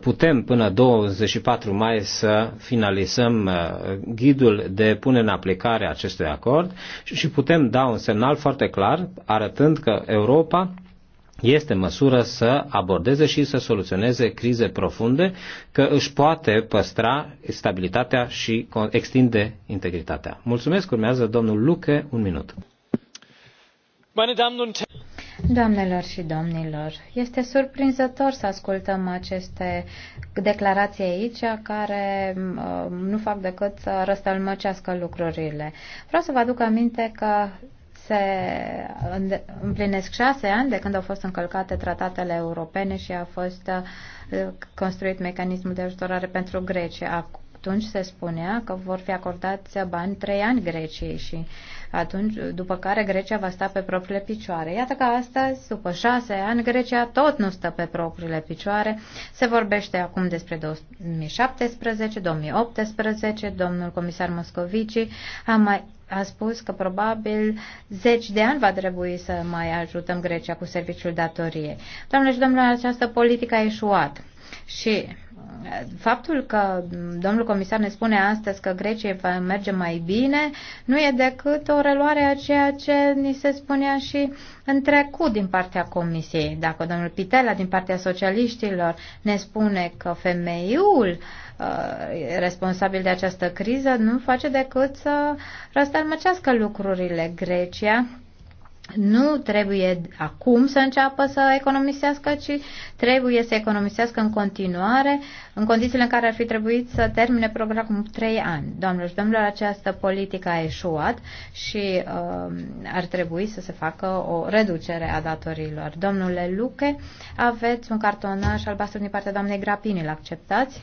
putem până 24 mai să finalizăm uh, ghidul de pune în aplicare acestui acord și putem da un semnal foarte clar arătând că Europa este măsură să abordeze și să soluționeze crize profunde, că își poate păstra stabilitatea și extinde integritatea. Mulțumesc, urmează domnul Luke, un minut. Doamnelor și domnilor, este surprinzător să ascultăm aceste declarații aici care uh, nu fac decât să răstălmăcească lucrurile. Vreau să vă aduc aminte că se împlinesc șase ani de când au fost încălcate tratatele europene și a fost uh, construit mecanismul de ajutorare pentru Grecia. Atunci se spunea că vor fi acordați bani trei ani Greciei și atunci, după care Grecia va sta pe propriile picioare. Iată că astăzi, după șase ani, Grecia tot nu stă pe propriile picioare. Se vorbește acum despre 2017, 2018, domnul comisar Moscovici a mai a spus că probabil zeci de ani va trebui să mai ajutăm Grecia cu serviciul datorie. Doamne și domnule, această politică a eșuat și faptul că domnul comisar ne spune astăzi că Grecia va merge mai bine nu e decât o reluare a ceea ce ni se spunea și în trecut din partea comisiei. Dacă domnul Pitela din partea socialiștilor ne spune că femeiul uh, responsabil de această criză nu face decât să răstălmăcească lucrurile Grecia nu trebuie acum să înceapă să economisească, ci trebuie să economisească în continuare, în condițiile în care ar fi trebuit să termine programul 3 ani. Doamnelor și domnilor, această politică a eșuat și uh, ar trebui să se facă o reducere a datorilor. Domnule Luche, aveți un cartonaș albastru din partea doamnei Grapini, l acceptați?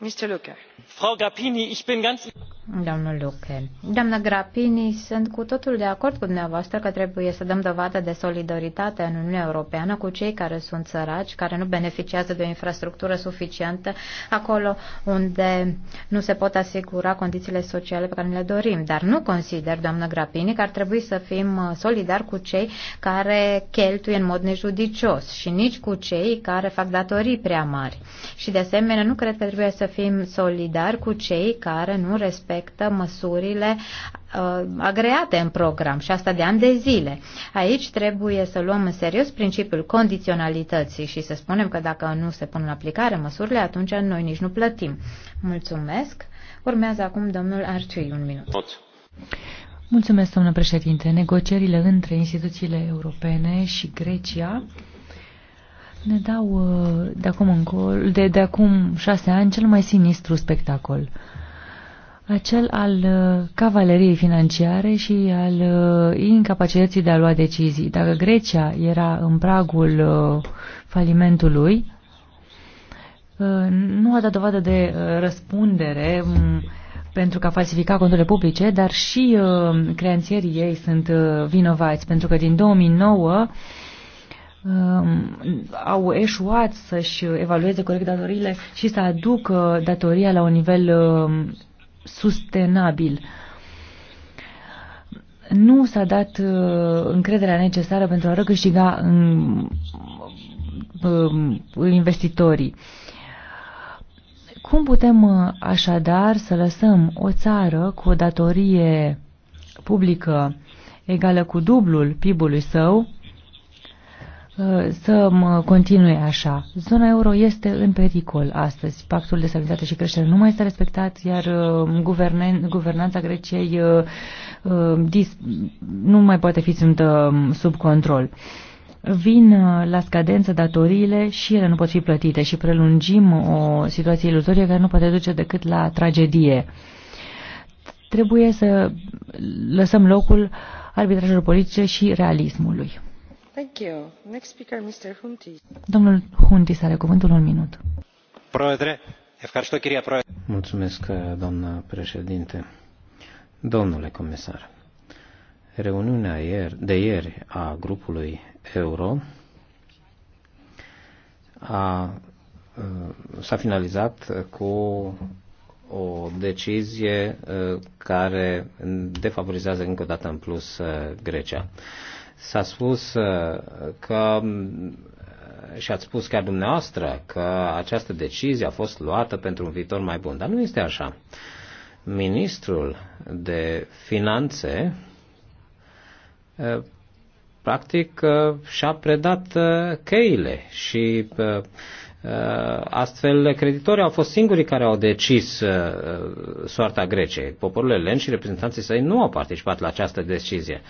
Mr. Luca. Frau Grappini, ich bin ganz... Luche. Grappini, sunt cu totul de acord cu dumneavoastră că trebuie să dăm dovadă de solidaritate în Uniunea Europeană cu cei care sunt săraci, care nu beneficiază de o infrastructură suficientă, acolo unde nu se pot asigura condițiile sociale pe care ne le dorim. Dar nu consider, doamnă Grappini, că ar trebui să fim uh, solidari cu cei care cheltuie în mod nejudicios și nici cu cei care fac datorii prea mari. Și de asemenea, nu cred că trebuie să fim solidari solidar cu cei care nu respectă măsurile uh, agreate în program și asta de ani de zile. Aici trebuie să luăm în serios principiul condiționalității și să spunem că dacă nu se pun în aplicare măsurile, atunci noi nici nu plătim. Mulțumesc. Urmează acum domnul Arciui un minut. Mulțumesc, domnule președinte. Negocierile între instituțiile europene și Grecia ne dau uh, de acum, încolo, de, de acum șase ani cel mai sinistru spectacol. Acel al uh, cavaleriei financiare și al uh, incapacității de a lua decizii. Dacă Grecia era în pragul falimentului, nu a dat dovadă de răspundere pentru că a falsificat conturile publice, dar și creanțierii ei sunt vinovați, pentru că din 2009 Um, au eșuat să-și evalueze corect datoriile și să aducă datoria la un nivel um, sustenabil. Nu s-a dat uh, încrederea necesară pentru a răcâștiga um, investitorii. Cum putem uh, așadar să lăsăm o țară cu o datorie publică egală cu dublul PIB-ului său să continue așa. Zona euro este în pericol astăzi. Pactul de stabilitate și creștere nu mai este respectat, iar uh, guvernan guvernanța Greciei uh, uh, nu mai poate fi ținută um, sub control. Vin la scadență datoriile și ele nu pot fi plătite și prelungim o situație iluzorie care nu poate duce decât la tragedie. Trebuie să lăsăm locul arbitrajelor politice și realismului doamnă președinte. Domnule comisar, reuniunea de ieri a grupului euro a, uh, s-a finalizat cu o decizie uh, care defavorizează încă o dată în plus uh, Grecia. S-a spus uh, că mm, uh, și ați spus chiar dumneavoastră că această decizie a fost luată pentru un viitor mai bun. Dar nu este așa. Ministrul de Finanțe uh, practic și-a predat cheile și astfel creditorii au fost singurii care au decis soarta Greciei. Poporul elen și reprezentanții săi nu au participat la această decizie.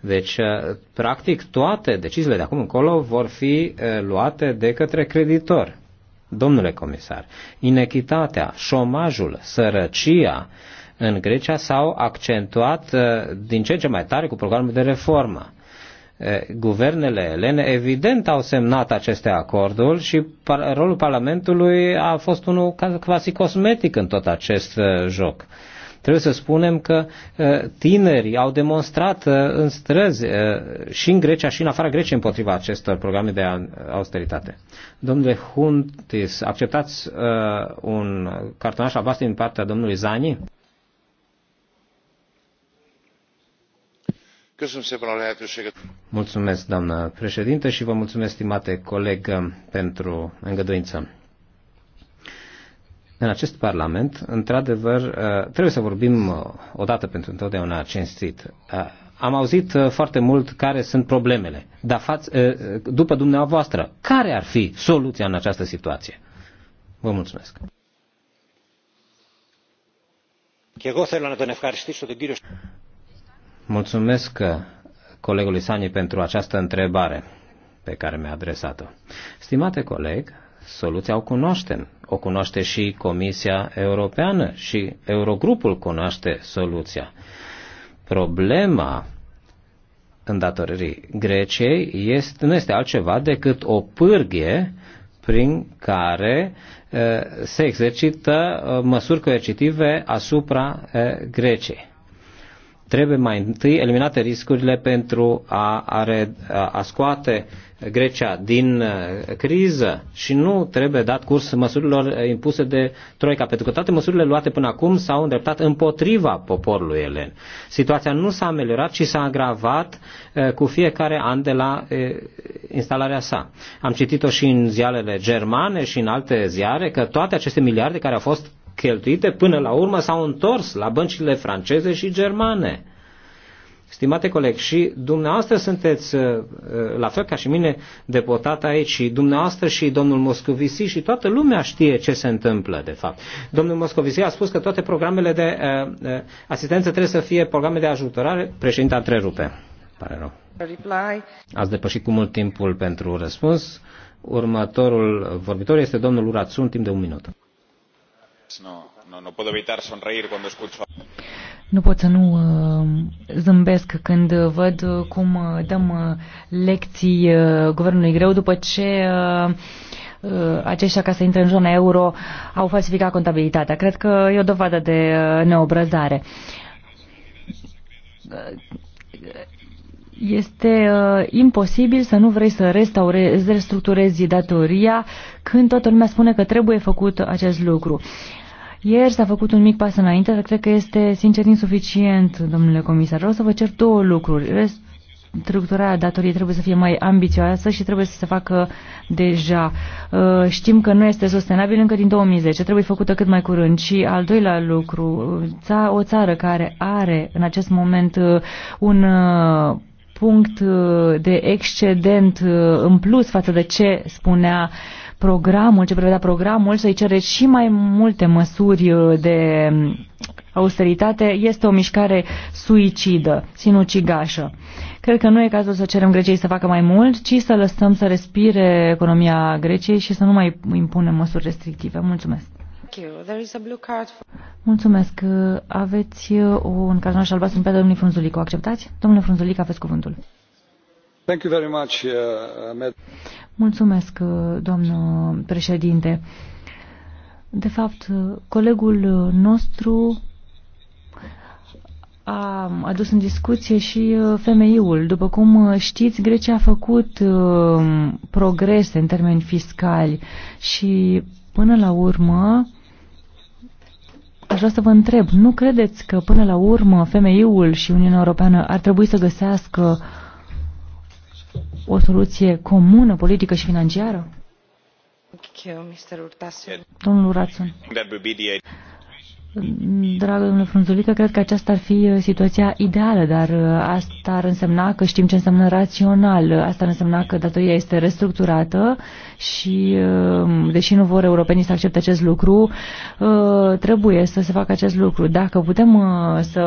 Deci, uh, practic, toate deciziile de acum încolo vor fi uh, luate de către creditor. Domnule comisar, inechitatea, șomajul, sărăcia în Grecia s-au accentuat uh, din ce în ce mai tare cu programul de reformă guvernele elene, evident au semnat aceste acorduri și rolul Parlamentului a fost unul quasi cosmetic în tot acest joc. Trebuie să spunem că uh, tinerii au demonstrat uh, în străzi uh, și în Grecia și în afara Greciei împotriva acestor programe de austeritate. Domnule Huntis, acceptați un cartonaș albastru din partea domnului Zani? Mulțumesc, doamnă președinte, și vă mulțumesc, stimate coleg, pentru îngăduință în acest Parlament, într-adevăr, uh, trebuie să vorbim uh, o dată pentru întotdeauna cinstit. Uh, am auzit foarte mult care sunt problemele, dar față, după dumneavoastră, care ar fi soluția în această situație? Vă mulțumesc. Mulțumesc colegului Sani pentru această întrebare pe care mi-a adresat-o. Stimate coleg, soluția o cunoaștem. O cunoaște și Comisia Europeană și Eurogrupul cunoaște soluția. Problema îndatorării Greciei este, nu este altceva decât o pârghie prin care se exercită măsuri coercitive asupra Greciei. Trebuie mai întâi eliminate riscurile pentru a, a, re, a scoate Grecia din uh, criză și nu trebuie dat curs măsurilor uh, impuse de Troica, pentru că toate măsurile luate până acum s-au îndreptat împotriva poporului elen. Situația nu s-a ameliorat, ci s-a agravat uh, cu fiecare an de la instalarea sa. Am citit-o și în ziarele germane și în alte ziare că toate aceste miliarde care au fost cheltuite până la urmă s-au întors la băncile franceze și germane. Stimate coleg, și dumneavoastră sunteți, uh, la fel ca și mine, deputat aici și dumneavoastră și domnul Moscovici și toată lumea știe ce se întâmplă, de fapt. Domnul Moscovici a spus că toate programele de uh, uh asistență trebuie să fie programe de ajutorare. Președinte, întrerupe. Pare rău. Reply. Ați depășit cu mult timpul pentru răspuns. Următorul vorbitor este domnul Urațun, timp de un minut. No, puedo evitar sonreír cuando escucho. Nu pot să nu uh, zâmbesc când văd cum uh, dăm uh, lecții guvernului greu după ce aceștia ca să intre în zona euro au falsificat contabilitatea. Cred că e o dovadă de neobrăzare. Este uh, imposibil să nu vrei să restaurezi, restructurezi datoria când toată lumea spune că trebuie făcut acest lucru. Uh, ieri s-a făcut un mic pas înainte, dar cred că este sincer insuficient, domnule comisar. Vreau să vă cer două lucruri. Structura datoriei trebuie să fie mai ambițioasă și trebuie să se facă deja. Uh, știm că nu este sustenabil încă din 2010, trebuie făcută cât mai curând. Și al doilea lucru, o țară care are în acest moment uh, un uh, punct de excedent în plus față de ce spunea uh, programul, ce prevedea programul, să-i cere și mai multe măsuri uh, de um, austeritate, este o mișcare suicidă, sinucigașă. Cred că nu e cazul să cerem Greciei să facă mai mult, ci să lăsăm să respire economia Greciei și să nu mai impunem măsuri restrictive. Mulțumesc! Mulțumesc. Aveți uh, un cazonaș albastru pe domnul Frunzulic. O acceptați? Domnule Frunzulic, aveți cuvântul. Uh, Mulțumesc, uh, doamnă președinte. De fapt, uh, colegul nostru a adus în discuție și femeiul. După cum știți, Grecia a făcut progrese în termeni fiscali și până la urmă aș vrea să vă întreb, nu credeți că până la urmă femeiul și Uniunea Europeană ar trebui să găsească uh, o soluție comună, politică și financiară? Domnul Rațun. Dragă domnule Frunzulică, cred că aceasta ar fi uh, situația ideală, dar uh, asta ar însemna că știm ce înseamnă rațional, asta ar însemna că datoria este restructurată și, uh, deși nu vor europenii să accepte acest lucru, trebuie să se facă acest lucru. Dacă putem să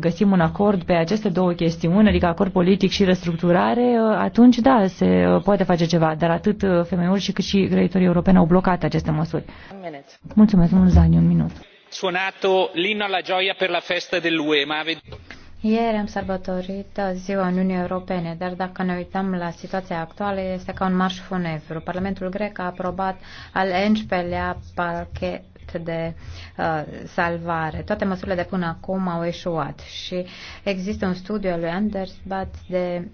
găsim un acord pe aceste două chestiuni, adică acord politic și restructurare, atunci da, se poate face ceva, dar atât femeiul și cât și creditorii europeni au blocat aceste măsuri. Mulțumesc, mult Zani, un minut suonato l'inno alla gioia per la festa dell'ue ma ieri am sărbătorit Ziua Uniunii Europene, dar dacă ne uităm la situația actuală, este ca un marș funevru. Parlamentul grec a aprobat al 11-lea pachet de uh, salvare. Toate măsurile de până acum au eșuat și există un studiu al lui Anders Bat de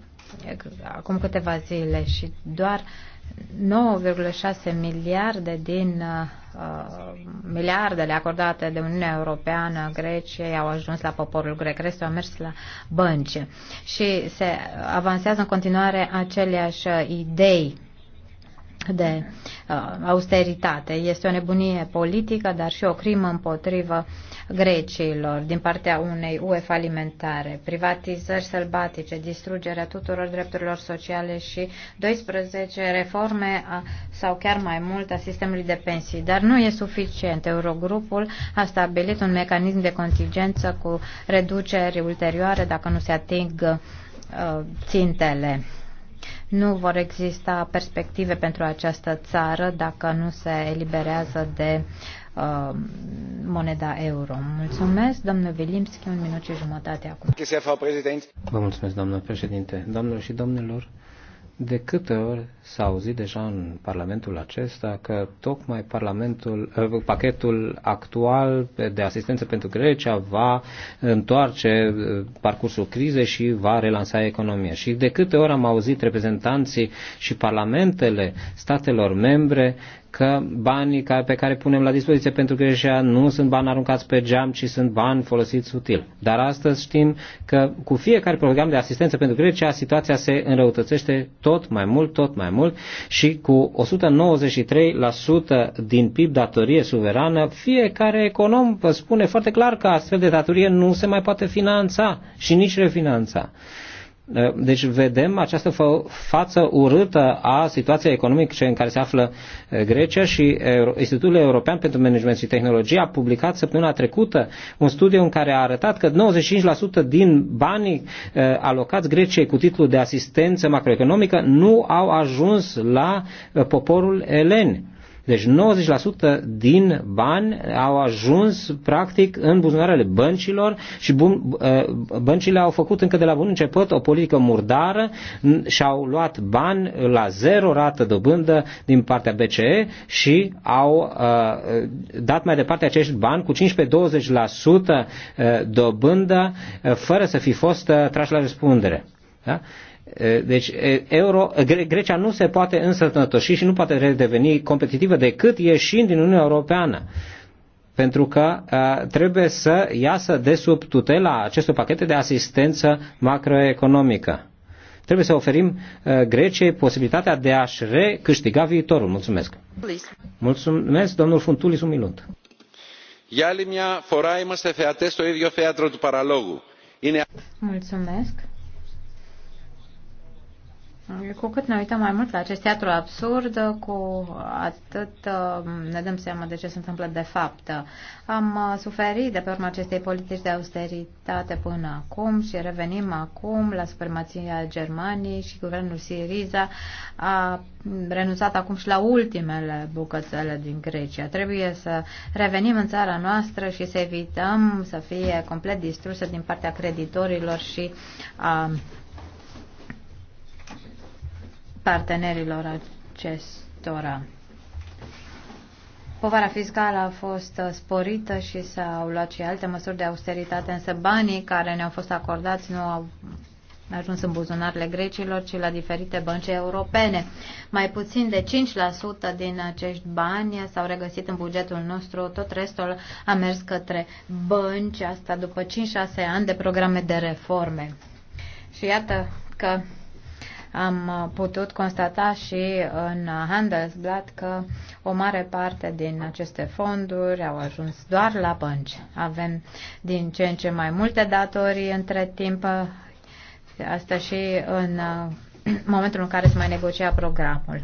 uh, acum câteva zile și doar uh, 9,6 miliarde din uh, miliardele acordate de Uniunea Europeană Greciei au ajuns la poporul grec, restul a mers la bănci și se avansează în continuare aceleași idei de uh, austeritate. Este o nebunie politică, dar și o crimă împotriva grecilor din partea unei UEF alimentare, privatizări sălbatice, distrugerea tuturor drepturilor sociale și 12 reforme a, sau chiar mai mult a sistemului de pensii. Dar nu e suficient. Eurogrupul a stabilit un mecanism de contingență cu reduceri ulterioare dacă nu se ating uh, țintele nu vor exista perspective pentru această țară dacă nu se eliberează de uh, moneda euro. Mulțumesc, domnul Vilimski, un minut și jumătate acum. Vă mulțumesc, doamnă președinte. Doamnelor și domnilor, de câte ori s-a auzit deja în Parlamentul acesta că tocmai Parlamentul, eh, pachetul actual de asistență pentru Grecia va întoarce eh, parcursul crizei și va relansa economia. Și de câte ori am auzit reprezentanții și parlamentele statelor membre că banii pe care punem la dispoziție pentru greșea nu sunt bani aruncați pe geam, ci sunt bani folosiți util. Dar astăzi știm că cu fiecare program de asistență pentru Grecia situația se înrăutățește tot mai mult, tot mai mult și cu 193% din PIB datorie suverană, fiecare econom vă spune foarte clar că astfel de datorie nu se mai poate finanța și nici refinanța. Ă, deci vedem această față urâtă a situației economice în care se află ă, Grecia și Institutul European pentru Management și Tehnologie a publicat săptămâna trecută un studiu în care a arătat că 95% din banii ă, alocați Greciei cu titlul de asistență macroeconomică nu au ajuns la poporul elen. Deci 90% din bani au ajuns practic în buzunarele băncilor și bun, băncile au făcut încă de la bun început o politică murdară și au luat bani la zero rată dobândă din partea BCE și au uh, dat mai departe acești bani cu 15-20% uh, dobândă uh, fără să fi fost trași la răspundere. Da? Deci euro, Grecia nu se poate însătătoși și nu poate redeveni competitivă decât ieșind din Uniunea Europeană. Pentru că trebuie să iasă de sub tutela acestor pachete de asistență macroeconomică. Trebuie să oferim Greciei posibilitatea de a-și recâștiga viitorul. Mulțumesc. Mulțumesc, domnul Funtulis, un minut. Ia άλλη μια φορά είμαστε θεατές στο ίδιο θέατρο του Mulțumesc. Cu cât ne uităm mai mult la acest teatru absurd, cu atât uh, ne dăm seama de ce se întâmplă de fapt. Am uh, suferit de pe urma acestei politici de austeritate până acum și revenim acum la supremația Germaniei și guvernul Siriza a renunțat acum și la ultimele bucățele din Grecia. Trebuie să revenim în țara noastră și să evităm să fie complet distrusă din partea creditorilor și a partenerilor acestora. Povara fiscală a fost uh, sporită și s-au luat și alte măsuri de austeritate, însă banii care ne-au fost acordați nu au ajuns în buzunarele grecilor, ci la diferite bănci europene. Mai puțin de 5% din acești bani s-au regăsit în bugetul nostru, tot restul a mers către bănci, asta după 5-6 ani de programe de reforme. Și iată că am putut constata și în Handelsblatt că o mare parte din aceste fonduri au ajuns doar la bănci. Avem din ce în ce mai multe datorii între timp, asta și în uh, momentul în care se mai negocia programul.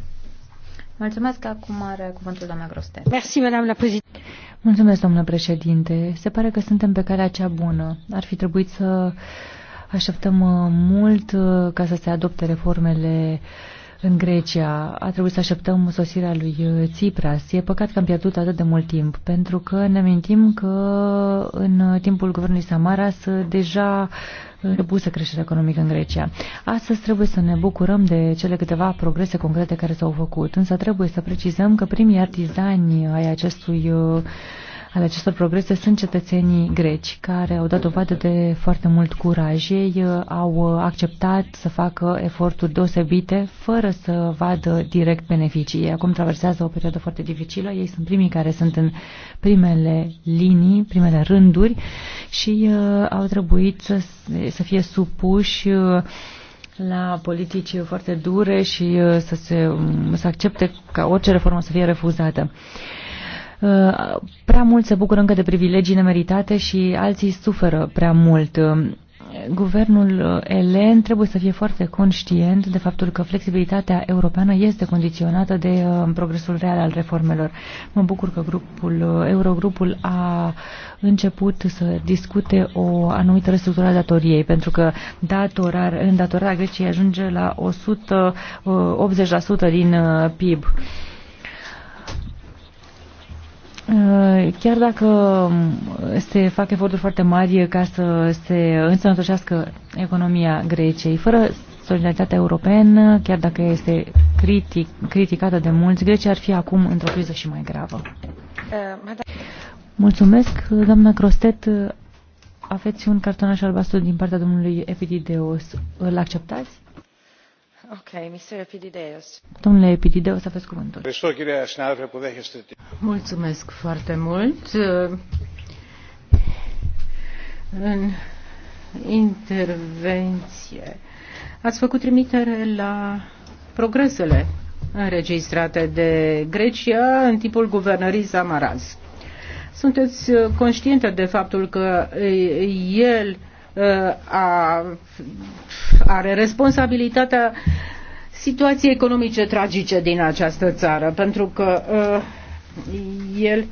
Mulțumesc. că Acum are cuvântul doamna Groste. Mersi, madame la președinte. Mulțumesc, domnule președinte. Se pare că suntem pe calea cea bună. Ar fi trebuit să Așteptăm uh, mult uh, ca să se adopte reformele în Grecia. A trebuit să așteptăm sosirea lui uh, Tsipras. E păcat că am pierdut atât de mult timp, pentru că ne amintim că în timpul guvernului Samaras deja să creșterea economică în Grecia. Astăzi trebuie să ne bucurăm de cele câteva progrese concrete care s-au făcut, însă trebuie să precizăm că primii artizani ai acestui ale acestor progrese sunt cetățenii greci, care au dat dovadă de foarte mult curaj. Ei uh, au uh, acceptat să facă eforturi deosebite, fără să vadă direct beneficii. Ei acum traversează o perioadă foarte dificilă. Ei sunt primii care sunt în primele linii, primele rânduri și uh, au trebuit să, să fie supuși uh, la politici foarte dure și uh, să, se, să accepte ca orice reformă să fie refuzată. Uh, Uh, prea mult se bucură încă de privilegii nemeritate și alții suferă prea mult. Uh, guvernul elen trebuie să fie foarte conștient de faptul că flexibilitatea europeană este condiționată de uh, progresul real al reformelor. Mă bucur că grupul, Eurogrupul a început să discute o anumită restructurare a datoriei, pentru că datorar, îndatorarea Greciei ajunge la 180% din PIB. Uh, chiar dacă um, se fac eforturi foarte mari ca să se însănătoșească economia Greciei, fără solidaritatea europeană, chiar dacă este critic, criticată de mulți, Grecia ar fi acum într-o criză și mai gravă. Uh, Mulțumesc, doamna Crostet. Aveți un cartonaș albastru din partea domnului Epidideos. Îl acceptați? Okay, Mr. Epidideos. Domnule Epidideos, aveți cuvântul. Mulțumesc foarte mult. În intervenție ați făcut trimitere la progresele înregistrate de Grecia în timpul guvernării Samaras. Sunteți conștientă de faptul că el Uh, a, are responsabilitatea situației economice tragice din această țară, pentru că uh, el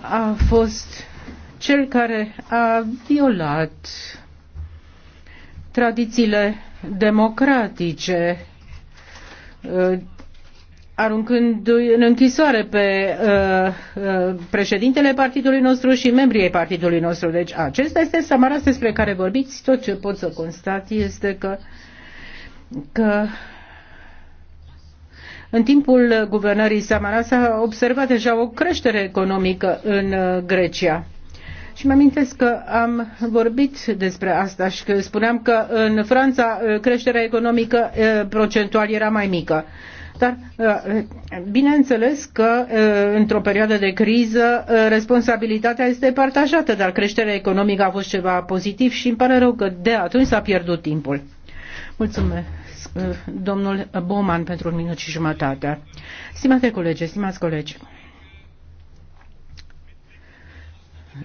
a fost cel care a violat tradițiile democratice uh, aruncând în închisoare pe uh, uh, președintele partidului nostru și membrii ai partidului nostru. Deci acesta este Samaras despre care vorbiți. Tot ce pot să constat este că, că în timpul guvernării Samaras a observat deja o creștere economică în uh, Grecia. Și mă amintesc că am vorbit despre asta și că spuneam că în Franța uh, creșterea economică procentual era mai mică. Dar, uh, bineînțeles că uh, într-o perioadă de criză uh, responsabilitatea este partajată, dar creșterea economică a fost ceva pozitiv și îmi pare rău că de atunci s-a pierdut timpul. Mulțumesc, domnul Boman, pentru un minut și jumătate. Stimate colegi, stimați colegi,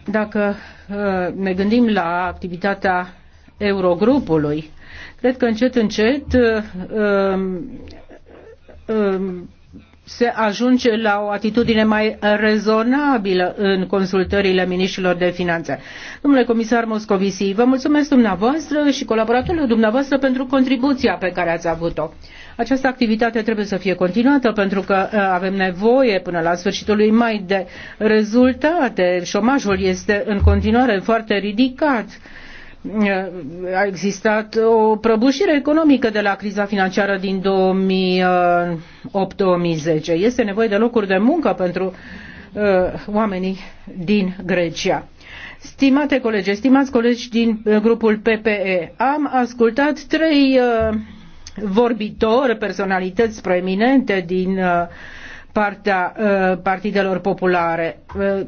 dacă ne gândim la activitatea Eurogrupului, cred că încet, încet Um, se ajunge la o atitudine mai rezonabilă în consultările miniștrilor de finanțe. Domnule comisar Moscovici, vă mulțumesc dumneavoastră și colaboratorilor dumneavoastră pentru contribuția pe care ați avut-o. Această activitate trebuie să fie continuată pentru că uh, avem nevoie până la sfârșitul lui mai de rezultate. Șomajul este în continuare foarte ridicat a existat o prăbușire economică de la criza financiară din 2008-2010. Este nevoie de locuri de muncă pentru uh, oamenii din Grecia. Stimate colegi, stimați colegi din uh, grupul PPE, am ascultat trei uh, vorbitori, personalități proeminente din uh, partea uh, partidelor populare. Uh,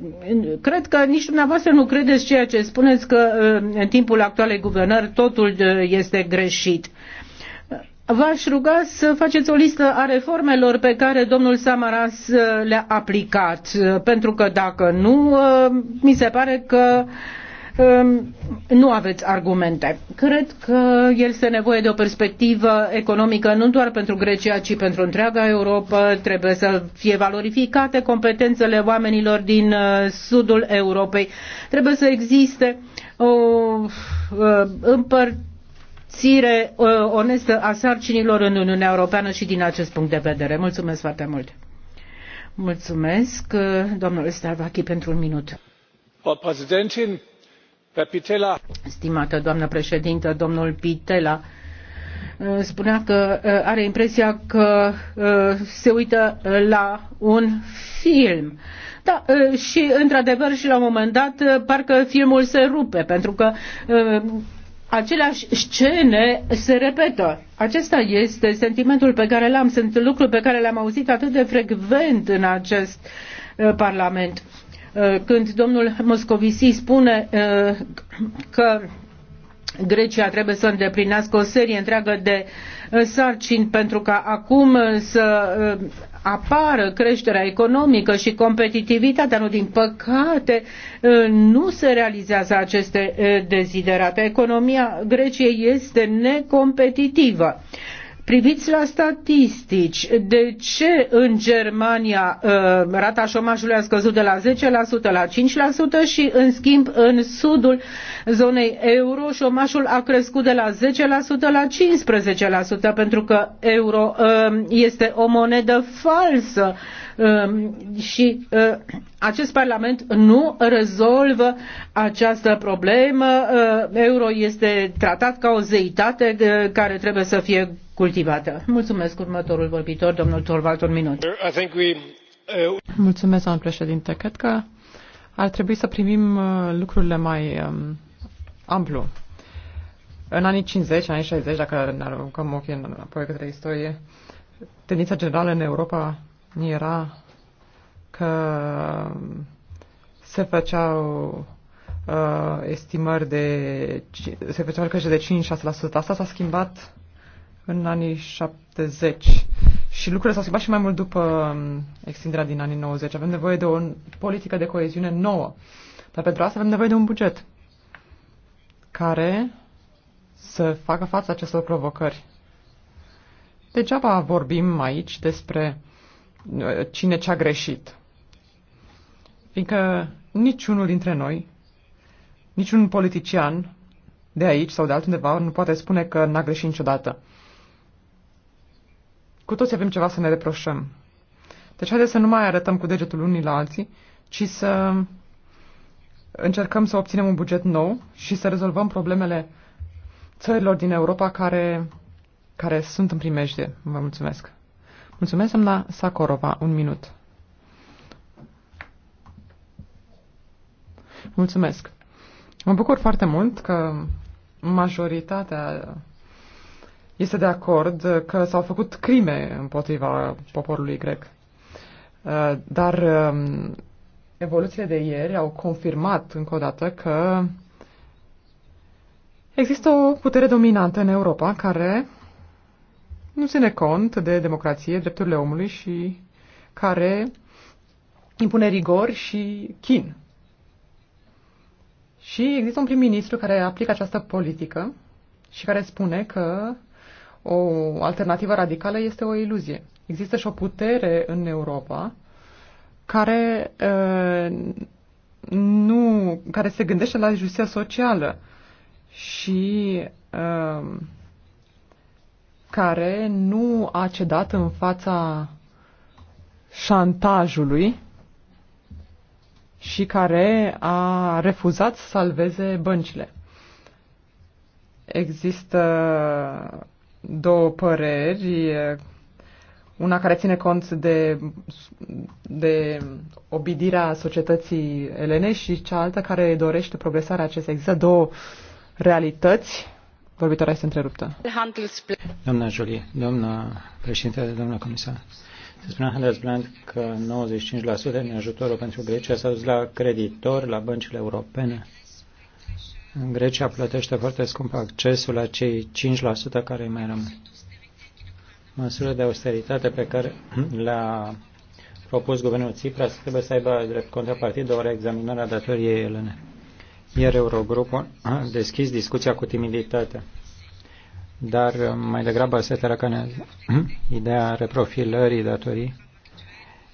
cred că nici dumneavoastră nu credeți ceea ce spuneți că uh, în timpul actualei guvernări totul este greșit. V-aș ruga să faceți o listă a reformelor pe care domnul Samaras le-a aplicat, pentru că dacă nu, mi se pare că nu aveți argumente. Cred că el este nevoie de o perspectivă economică nu doar pentru Grecia, ci pentru întreaga Europa. Trebuie să fie valorificate competențele oamenilor din uh, sudul Europei. Trebuie să existe o uh, împărțire uh, onestă a sarcinilor în Uniunea Europeană și din acest punct de vedere. Mulțumesc foarte mult! Mulțumesc, domnul Stavachi, pentru un minut. Frau Präsidentin, Stimată doamnă președintă, domnul Pitela uh, spunea că uh, are impresia că uh, se uită la un film. Da, și într-adevăr și la un moment dat parcă filmul se rupe pentru că aceleași scene se repetă. Acesta este sentimentul pe care l-am, sunt lucruri pe care le-am auzit atât de frecvent în acest Parlament. Eh, când domnul Moscovici spune eh, că Grecia trebuie să îndeplinească o serie întreagă de eh, sarcini pentru ca acum să apară creșterea economică și competitivitatea, nu din păcate nu se realizează aceste deziderate. Economia Greciei este necompetitivă. Priviți la statistici. De ce în Germania uh, rata șomajului a scăzut de la 10% la 5% și în schimb în sudul zonei euro șomajul a crescut de la 10% la 15% pentru că euro uh, este o monedă falsă Um, și uh, acest Parlament nu rezolvă această problemă. Uh, euro este tratat ca o zeitate uh, care trebuie să fie cultivată. Mulțumesc următorul vorbitor, domnul Torvald, un minut. Mulțumesc, domnul președinte. Cred că ar trebui să primim lucrurile mai um, amplu. În anii 50, anii 60, dacă ne aruncăm ochii înapoi către istorie, tendința generală în Europa era că se făceau uh, estimări de... se făceau căci de 5-6%. Asta s-a schimbat în anii 70. Și lucrurile s-au schimbat și mai mult după um, extinderea din anii 90. Avem nevoie de o politică de coeziune nouă. Dar pentru asta avem nevoie de un buget care să facă față acestor provocări. Degeaba vorbim aici despre cine ce-a greșit. Fiindcă niciunul dintre noi, niciun politician de aici sau de altundeva nu poate spune că n-a greșit niciodată. Cu toți avem ceva să ne reproșăm. Deci haideți să nu mai arătăm cu degetul unii la alții, ci să încercăm să obținem un buget nou și să rezolvăm problemele țărilor din Europa care, care sunt în primejde. Vă mulțumesc! Mulțumesc, doamna Sakorova. Un minut. Mulțumesc. Mă bucur foarte mult că majoritatea este de acord că s-au făcut crime împotriva poporului grec. Uh, dar um, evoluțiile de ieri au confirmat încă o dată că există o putere dominantă în Europa care nu ține cont de democrație, drepturile omului și care impune rigor și chin. Și există un prim-ministru care aplică această politică și care spune că o alternativă radicală este o iluzie. Există și o putere în Europa care, uh, nu, care se gândește la justiția socială și uh, care nu a cedat în fața șantajului și care a refuzat să salveze băncile. Există două păreri, una care ține cont de, de obidirea societății elene și cealaltă care dorește progresarea acestei. Există două realități Vorbitoarea este întreruptă. Doamna Jolie, doamna președinte, doamna comisar, se spunea Handelsblad că 95% din ajutorul pentru Grecia s-a dus la creditori, la băncile europene. În Grecia plătește foarte scump accesul la cei 5% care îi mai rămân. Măsurile de austeritate pe care le-a propus guvernul Tsipras trebuie să aibă drept contrapartidă o reexaminare a datoriei elene. Ieri Eurogrupul a deschis discuția cu timiditate, dar mai degrabă se tărăcăne ideea reprofilării datorii.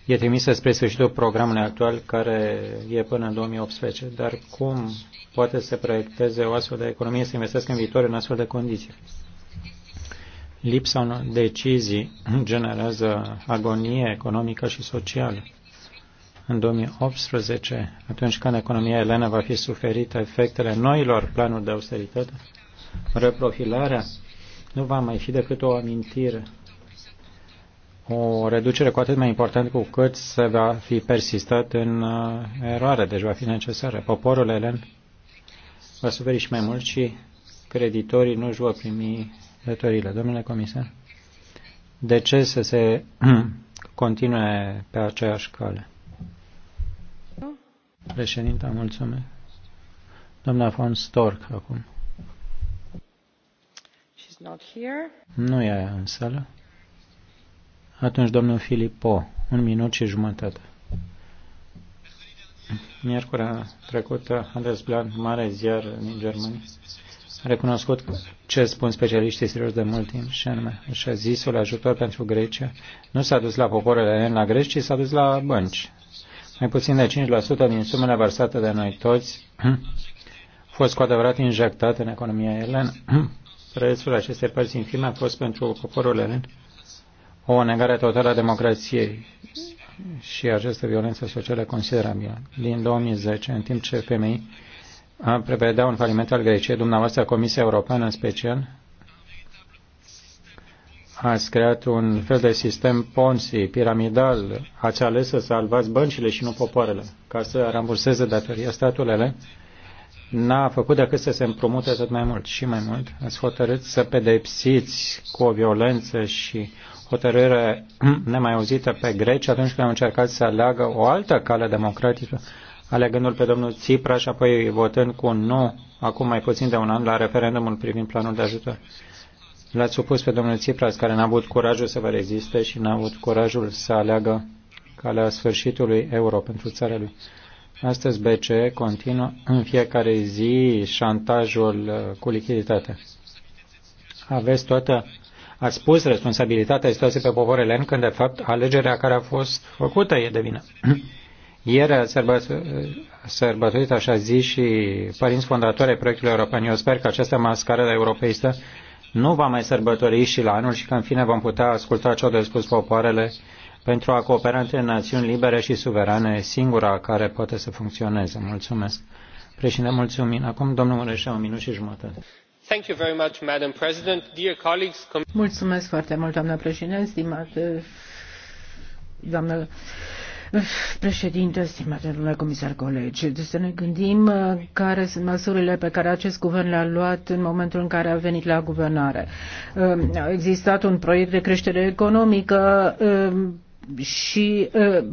E trimisă spre sfârșitul programului actual, care e până în 2018. Dar cum poate să proiecteze o astfel de economie să investească în viitor în astfel de condiții? Lipsa unor decizii generează agonie economică și socială în 2018, atunci când economia elenă va fi suferită efectele noilor planuri de austeritate, reprofilarea nu va mai fi decât o amintire, o reducere cu atât mai importantă cu cât se va fi persistat în uh, eroare, deci va fi necesară. Poporul elen va suferi și mai mult și creditorii nu își vor primi datorile. Domnule comisar, de ce să se continue pe aceeași cale? Președinte, mulțumesc. Doamna von Stork acum. She's not here. Nu e aia în sală. Atunci, domnul Filipo, un minut și jumătate. Miercurea trecută, Andres Blan, mare ziar din Germania, a recunoscut ce spun specialiștii serios de mult timp și anume, și a zisul ajutor pentru Grecia nu s-a dus la poporul elen la greci, ci s-a dus la bănci mai puțin de 5% din sumele vărsate de noi toți fost cu adevărat injectate în economia elenă. Prețul acestei părți infime a fost pentru poporul elen o negare totală a democrației și această violență socială considerabilă. Din 2010, în timp ce femei prevedea un faliment al Greciei, dumneavoastră Comisia Europeană în special ați creat un fel de sistem Ponzi, piramidal, ați ales să salvați băncile și nu popoarele, ca să ramburseze datoria statulele, n-a făcut decât să se împrumute tot mai mult și mai mult. Ați hotărât să pedepsiți cu o violență și hotărâre auzită pe greci atunci când au încercat să aleagă o altă cale democratică, alegându-l pe domnul Tsipras, și apoi votând cu un nu acum mai puțin de un an la referendumul privind planul de ajutor. L-ați supus pe domnul Tsipras, care n-a avut curajul să vă reziste și n-a avut curajul să aleagă calea sfârșitului euro pentru țara lui. Astăzi BCE continuă în fiecare zi șantajul uh, cu lichiditate. Aveți toată, a spus responsabilitatea situației pe popor elen când de fapt alegerea care a fost făcută e de vină. Ieri a uh, sărbătorit așa zi și părinți fondatori ai proiectului european. Eu sper că această mascaradă europeistă nu va mai sărbători și la anul și că în fine vom putea asculta ce au de spus popoarele pentru a coopera între națiuni libere și suverane, singura care poate să funcționeze. Mulțumesc. Președinte, mulțumim. Acum, domnul Mureșa, un minut și jumătate. Mulțumesc foarte mult, doamnă președinte, stimate doamnă Președinte, stimate domnule comisar colegi, să ne gândim uh, care sunt măsurile pe care acest guvern le-a luat în momentul în care a venit la guvernare. Uh, a existat un proiect de creștere economică uh, și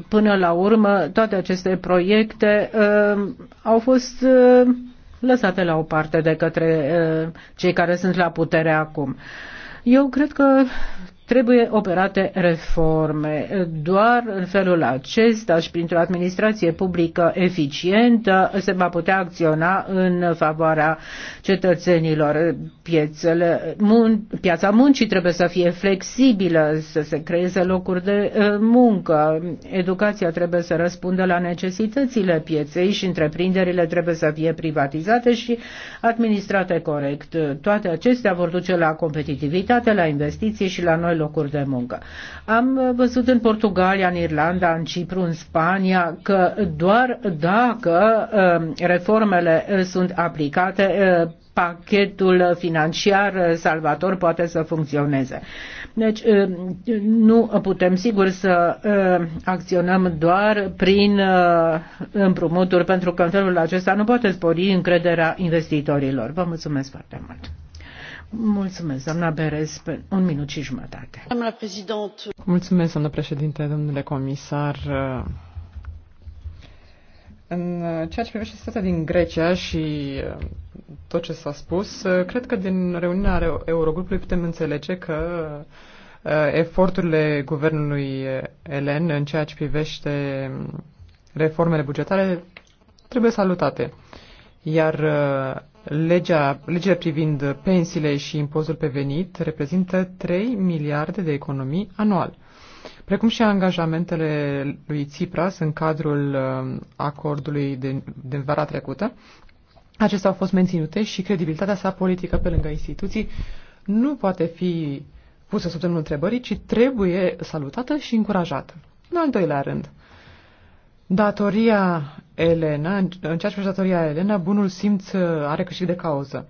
până la urmă toate aceste proiecte au fost lăsate la o parte de către cei care sunt la putere acum. Eu cred că Trebuie operate reforme. Doar în felul acesta și printr-o administrație publică eficientă se va putea acționa în favoarea cetățenilor. Piețele, mun, piața muncii trebuie să fie flexibilă, să se creeze locuri de muncă. Educația trebuie să răspundă la necesitățile pieței și întreprinderile trebuie să fie privatizate și administrate corect. Toate acestea vor duce la competitivitate, la investiții și la noi locuri de muncă. Am văzut în Portugalia, în Irlanda, în Cipru, în Spania că doar dacă um, reformele uh, sunt aplicate, uh, pachetul financiar uh, salvator poate să funcționeze. Deci nu putem sigur să acționăm doar prin împrumuturi, pentru că în felul acesta nu poate spori încrederea investitorilor. Vă mulțumesc foarte mult! Mulțumesc, doamna un Mulțumesc, doamnă președinte, domnule comisar. În ceea ce privește situația din Grecia și uh, tot ce s-a spus, uh, cred că din reuniunea Eurogrupului putem înțelege că uh, eforturile guvernului Elen în ceea ce privește reformele bugetare trebuie salutate. Iar Legea, legile privind pensiile și impozitul pe venit reprezintă 3 miliarde de economii anual, precum și angajamentele lui Tsipras în cadrul uh, acordului de, de vara trecută. Acestea au fost menținute și credibilitatea sa politică pe lângă instituții nu poate fi pusă sub semnul întrebării, ci trebuie salutată și încurajată. În al doilea rând, Datoria Elena, în ceea ce privește datoria Elena, bunul simț uh, are câștig de cauză.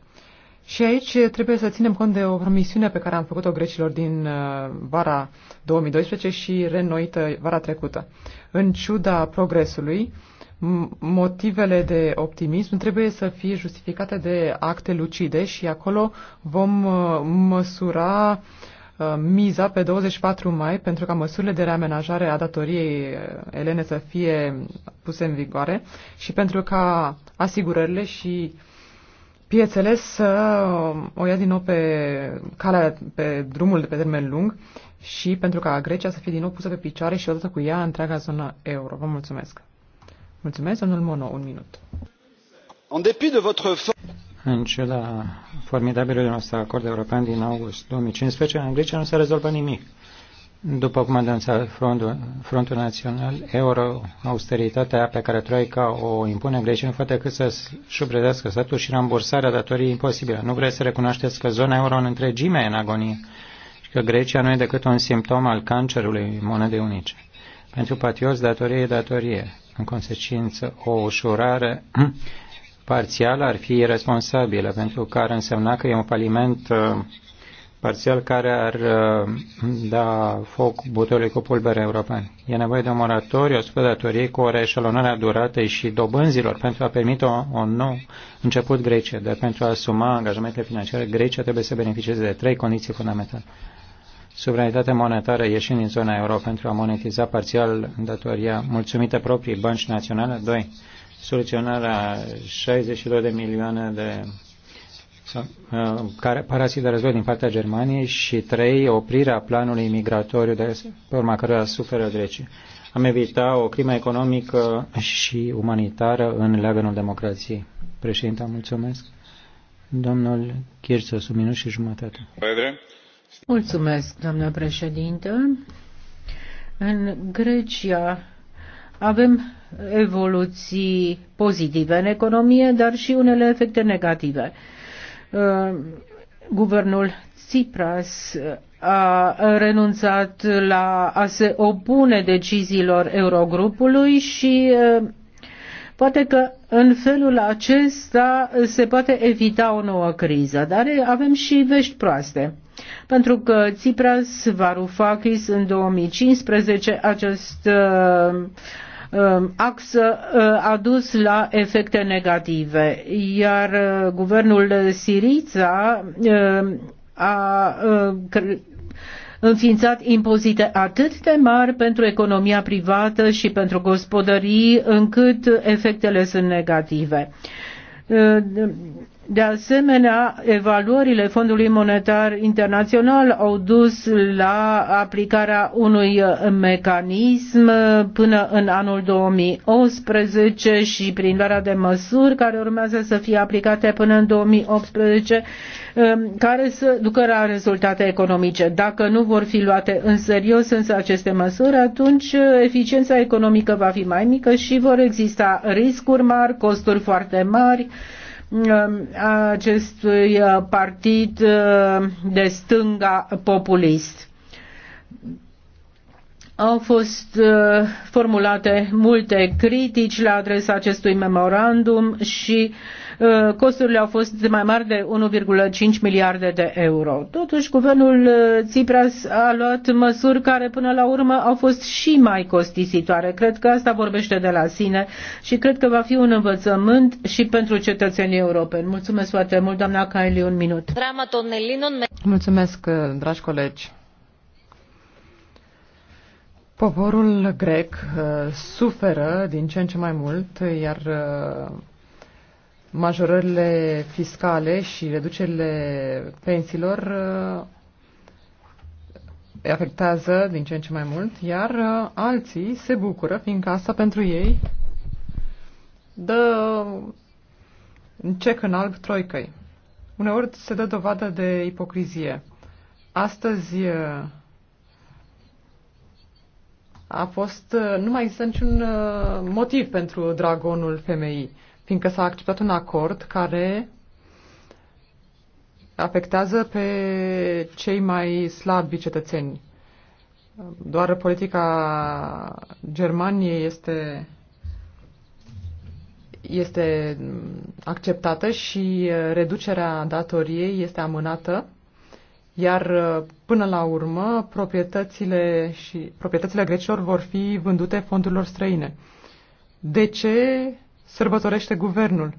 Și aici uh, trebuie să ținem cont de o promisiune pe care am făcut-o grecilor din uh, vara 2012 și renoită vara trecută. În ciuda progresului, motivele de optimism trebuie să fie justificate de acte lucide și acolo vom măsura Uh, miza pe 24 mai pentru ca măsurile de reamenajare a datoriei uh, elene să fie puse în vigoare și pentru ca asigurările și piețele să uh, o ia din nou pe calea, pe drumul de pe termen lung și pentru ca Grecia să fie din nou pusă pe picioare și odată cu ea întreaga zonă euro. Vă mulțumesc! Mulțumesc, domnul Mono, un minut. În ciuda formidabilului nostru acord european din august 2015, în Grecia nu s-a rezolvat nimic. După cum a denunțat frontul, frontul Național Euro, austeritatea pe care Troica o impune Grecia nu poate decât să subredească statul și rambursarea datorii imposibile. Nu vreți să recunoașteți că zona euro în întregime e în agonie și că Grecia nu e decât un simptom al cancerului monedei unice. Pentru patios, datorie e datorie. În consecință, o ușurare parțial ar fi responsabilă, pentru că ar însemna că e un faliment uh, parțial care ar uh, da foc butoiului cu pulbere european. E nevoie de un moratoriu asupra datoriei cu o reșelonare a duratei și dobânzilor pentru a permite o, o nou început Grecia. Dar pentru a asuma angajamentele financiare, Grecia trebuie să beneficieze de trei condiții fundamentale. Suveranitatea monetară ieșind din zona euro pentru a monetiza parțial datoria mulțumită proprii bănci naționale. 2 soluționarea 62 de milioane de uh, care, de război din partea Germaniei și trei oprirea planului migratoriu de pe urma căruia suferă Grecia. Am evita o crimă economică și umanitară în leagănul democrației. Președinte, mulțumesc. Domnul Chirță, un minut și jumătate. Mulțumesc, doamnă președinte, În Grecia avem evoluții pozitive în economie, dar și unele efecte negative. Uh, guvernul Tsipras a renunțat la a se opune deciziilor Eurogrupului și uh, poate că în felul acesta se poate evita o nouă criză, dar avem și vești proaste. Pentru că Tsipras Varoufakis în 2015 acest uh, Um, axă uh, a dus la efecte negative, iar uh, guvernul Sirița um, a uh, înființat impozite atât de mari pentru economia privată și pentru gospodării, încât efectele sunt negative de asemenea, evaluările Fondului Monetar Internațional au dus la aplicarea unui uh, mecanism uh, până în anul 2018 și prin luarea de măsuri care urmează să fie aplicate până în 2018, um, care să ducă la rezultate economice. Dacă nu vor fi luate în serios însă aceste măsuri, atunci uh, eficiența economică va fi mai mică și vor exista riscuri mari, costuri foarte mari, Um, acestui uh, partid uh, de stânga populist. Au fost uh, formulate multe critici la adresa acestui memorandum și uh, Uh, costurile au fost mai mari de 1,5 miliarde de euro. Totuși, guvernul uh, Tsipras a luat măsuri care până la urmă au fost și mai costisitoare. Cred că asta vorbește de la sine și cred că va fi un învățământ și pentru cetățenii europeni. Mulțumesc foarte mult, doamna Caeli, un minut. Mulțumesc, uh, dragi colegi. Poporul grec uh, suferă din ce în ce mai mult, iar uh, majorările fiscale și reducerile pensiilor îi uh, afectează din ce în ce mai mult, iar uh, alții se bucură, fiindcă asta pentru ei dă un cec în alb troicăi. Uneori se dă dovadă de ipocrizie. Astăzi uh, a fost, nu mai există niciun motiv pentru dragonul femeii fiindcă s-a acceptat un acord care afectează pe cei mai slabi cetățeni. Doar politica Germaniei este, este acceptată și reducerea datoriei este amânată, iar până la urmă proprietățile, și, proprietățile grecilor vor fi vândute fondurilor străine. De ce sărbătorește guvernul.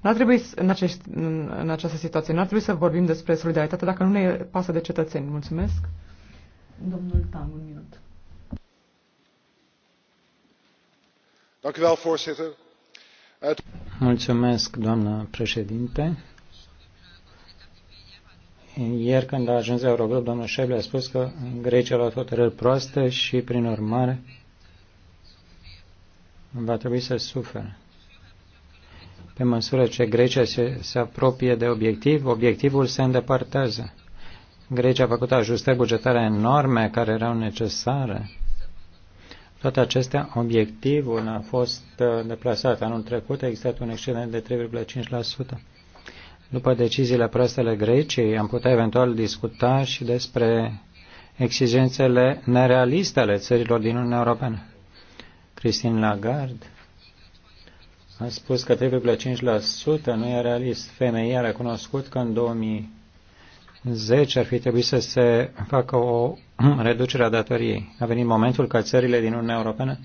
Nu ar trebui în, acest, în, în această situație, nu ar trebui să vorbim despre solidaritate dacă nu ne pasă de cetățeni. Mulțumesc. Domnul Tang, un minut. Mulțumesc, doamnă președinte. Ieri, când a ajuns Eurogrup, domnul Șeble a spus că Grecia a luat hotărâri proaste și, prin urmare, va trebui să sufere. Pe măsură ce Grecia se, se apropie de obiectiv, obiectivul se îndepărtează. Grecia a făcut ajustări bugetare enorme care erau necesare. Toate acestea, obiectivul a fost uh, deplasat. Anul trecut a existat un excedent de 3,5%. După deciziile proastele Greciei, am putea eventual discuta și despre exigențele nerealiste ale țărilor din Uniunea Europeană. Christine Lagarde a spus că 3,5% nu e realist. Femeia a recunoscut că în 2010 ar fi trebuit să se facă o reducere a datoriei. A venit momentul ca țările din Uniunea Europeană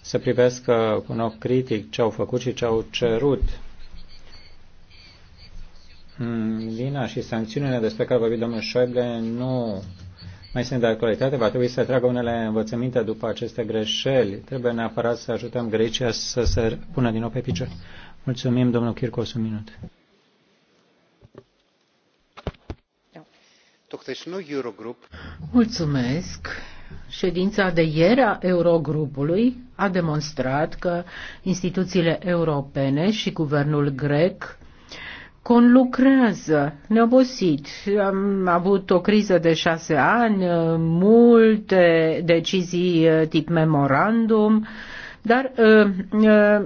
să privească cu un ochi critic ce au făcut și ce au cerut. Mm, Vina și sancțiunile despre care a vorbit domnul Schäuble nu mai sunt de actualitate, va trebui să tragă unele învățăminte după aceste greșeli. Trebuie neapărat să ajutăm Grecia să se pună din nou pe picior. Mulțumim, domnul Kirkos, un minut. Mulțumesc. Ședința de ieri a Eurogrupului a demonstrat că instituțiile europene și guvernul grec conlucrează neobosit. Am avut o criză de șase ani, multe decizii uh, tip memorandum, dar uh, uh,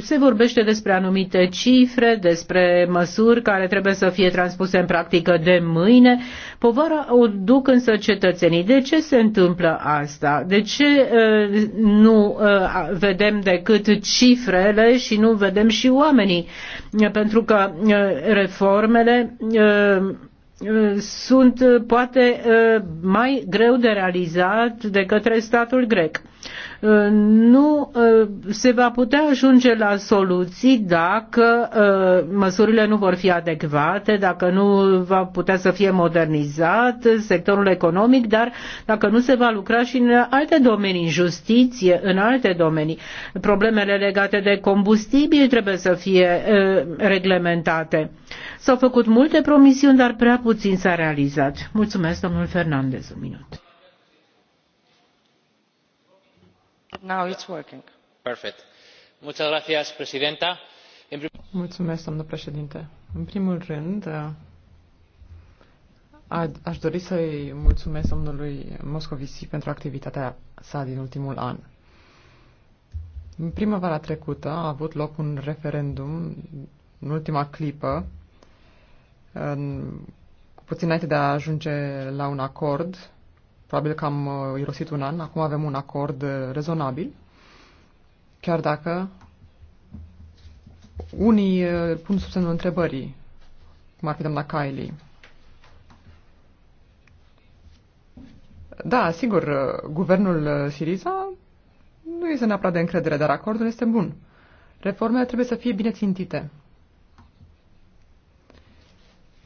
se vorbește despre anumite cifre, despre măsuri care trebuie să fie transpuse în practică de mâine, Povara o duc însă cetățenii. De ce se întâmplă asta? De ce uh, nu uh, vedem decât cifrele și nu vedem și oamenii? Pentru că uh, reformele sunt poate mai greu de realizat de către statul grec nu eh, se va putea ajunge la soluții dacă eh, măsurile nu vor fi adecvate, dacă nu va putea să fie modernizat sectorul economic, dar dacă nu se va lucra și în alte domenii, în justiție, în alte domenii. Problemele legate de combustibil trebuie să fie eh, reglementate. S-au făcut multe promisiuni, dar prea puțin s-a realizat. Mulțumesc, domnul Fernandez, un minut. doamnă Președinte. în primul rând aș dori să i mulțumesc domnului moscovici pentru activitatea sa din ultimul an. În primăvara trecută a avut loc un referendum în ultima clipă, în, puțin înainte de a ajunge la un acord Probabil că am uh, irosit un an, acum avem un acord uh, rezonabil, chiar dacă unii uh, pun sub semnul întrebării, cum ar fi la Kylie. Da, sigur, guvernul Siriza nu este neapărat de încredere, dar acordul este bun. Reformele trebuie să fie bine țintite.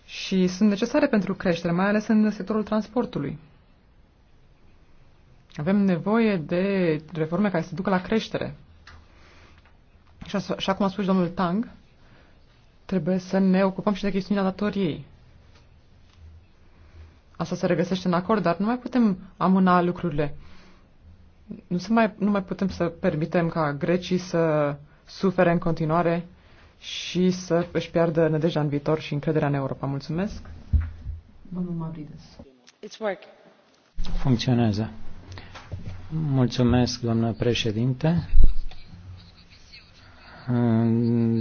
Și sunt necesare pentru creștere, mai ales în sectorul transportului. Avem nevoie de reforme care să ducă la creștere. Și așa cum a spus domnul Tang, trebuie să ne ocupăm și de chestiunea datoriei. Asta se regăsește în acord, dar nu mai putem amâna lucrurile. Nu, se mai, nu mai putem să permitem ca grecii să sufere în continuare și să își piardă nădejdea în viitor și încrederea în Europa. Mulțumesc. Domnul Mavrides. It's work. Funcționează. Mulțumesc, doamnă președinte.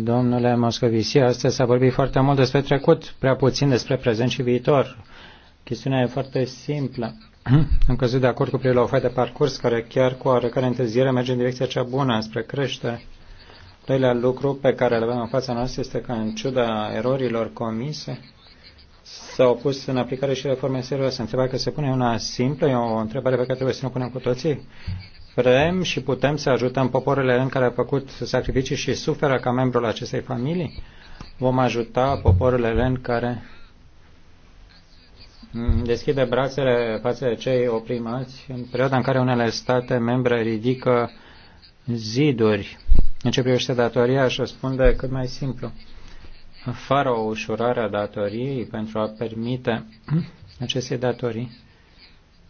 Domnule Moscovici, astăzi s-a vorbit foarte mult despre trecut, prea puțin despre prezent și viitor. Chestiunea e foarte simplă. Am căzut de acord cu privire la o de parcurs care chiar cu oarecare întârziere merge în direcția cea bună, spre creștere. Doilea lucru pe care îl avem în fața noastră este că, în ciuda erorilor comise, s-au pus în aplicare și reforme serioase. Întrebarea că se pune una simplă, e o întrebare pe care trebuie să ne punem cu toții. Vrem și putem să ajutăm poporele în care au făcut sacrificii și suferă ca membrul acestei familii? Vom ajuta poporele în care deschide brațele față de cei oprimați în perioada în care unele state membre ridică ziduri. În ce privește datoria, aș răspunde cât mai simplu fără o ușurare a datoriei pentru a permite acestei datorii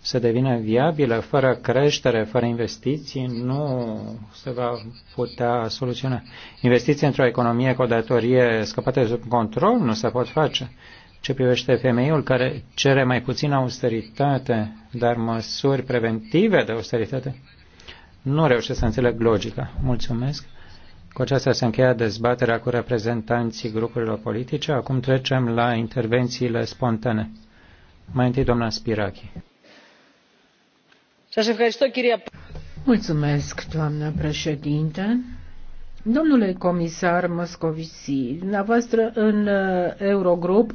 să devină viabilă, fără creștere, fără investiții, nu se va putea soluționa. Investiții într-o economie cu o datorie scăpată de sub control nu se pot face. Ce privește femeiul care cere mai puțină austeritate, dar măsuri preventive de austeritate, nu reușesc să înțeleg logica. Mulțumesc. Cu aceasta se încheia dezbaterea cu reprezentanții grupurilor politice. Acum trecem la intervențiile spontane. Mai întâi, doamna Spirachi. Mulțumesc, doamnă președinte. Domnule comisar Moscovici, dumneavoastră în uh, Eurogrup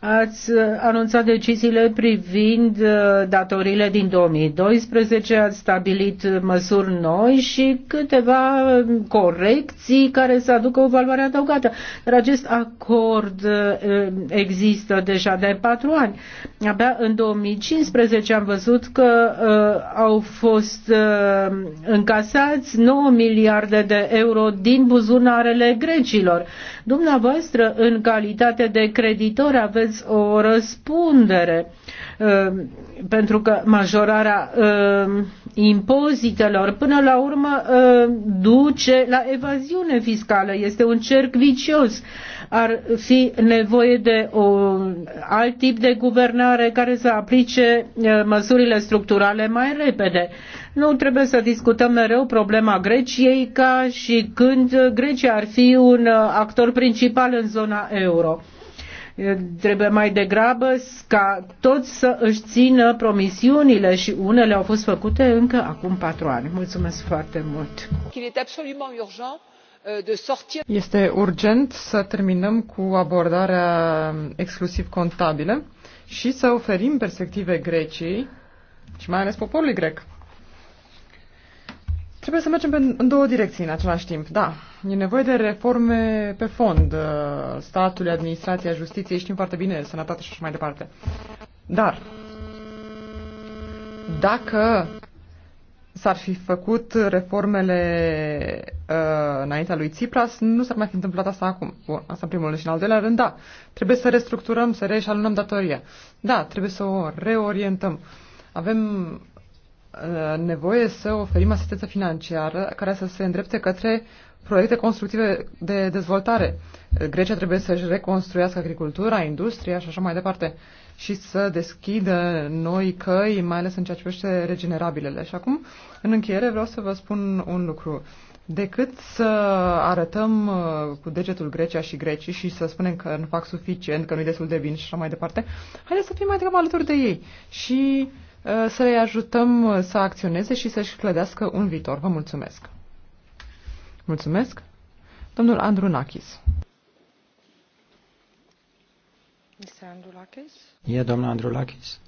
Ați uh, anunțat deciziile privind uh, datorile din 2012, ați stabilit măsuri noi și câteva corecții care să aducă o valoare adăugată. Dar acest acord uh, există deja de patru ani. Abia în 2015 am văzut că au fost încasați 9 miliarde de euro din buzunarele grecilor. Dumneavoastră, în calitate de creditor, aveți o răspundere uh, pentru că majorarea uh, impozitelor până la urmă uh, duce la evaziune fiscală. Este un cerc vicios. Ar fi nevoie de un alt tip de guvernare care să aplice măsurile structurale mai repede. Nu trebuie să discutăm mereu problema Greciei ca și când Grecia ar fi un uh, actor principal în zona euro trebuie mai degrabă ca toți să își țină promisiunile și unele au fost făcute încă acum patru ani. Mulțumesc foarte mult! Euh, este urgent să terminăm cu abordarea exclusiv contabilă și să oferim perspective Greciei și mai ales poporului grec. Trebuie să mergem pe, în două direcții în același timp, da. E nevoie de reforme pe fond, uh, statului, administrația, justiției, știm foarte bine, sănătate și așa mai departe. Dar, dacă s-ar fi făcut reformele uh, înaintea lui Tsipras, nu s-ar mai fi întâmplat asta acum. Bun, asta în primul rând și în al doilea rând, da. Trebuie să restructurăm, să reșalunăm datoria. Da, trebuie să o reorientăm. Avem Uh, nevoie să oferim asistență financiară care să se îndrepte către proiecte constructive de dezvoltare. Grecia trebuie să-și reconstruiască agricultura, industria și așa mai departe și să deschidă noi căi, mai ales în ceea ce privește regenerabilele. Și acum, în încheiere, vreau să vă spun un lucru. Decât să arătăm uh, cu degetul Grecia și grecii și să spunem că nu fac suficient, că nu-i destul de bine și așa mai departe, haideți să fim mai degrabă alături de ei și Uh, să le ajutăm uh, să acționeze și să-și clădească un viitor. Vă mulțumesc! Mulțumesc! Domnul Nachis. Este Andrulakis? E domnul Andrulakis.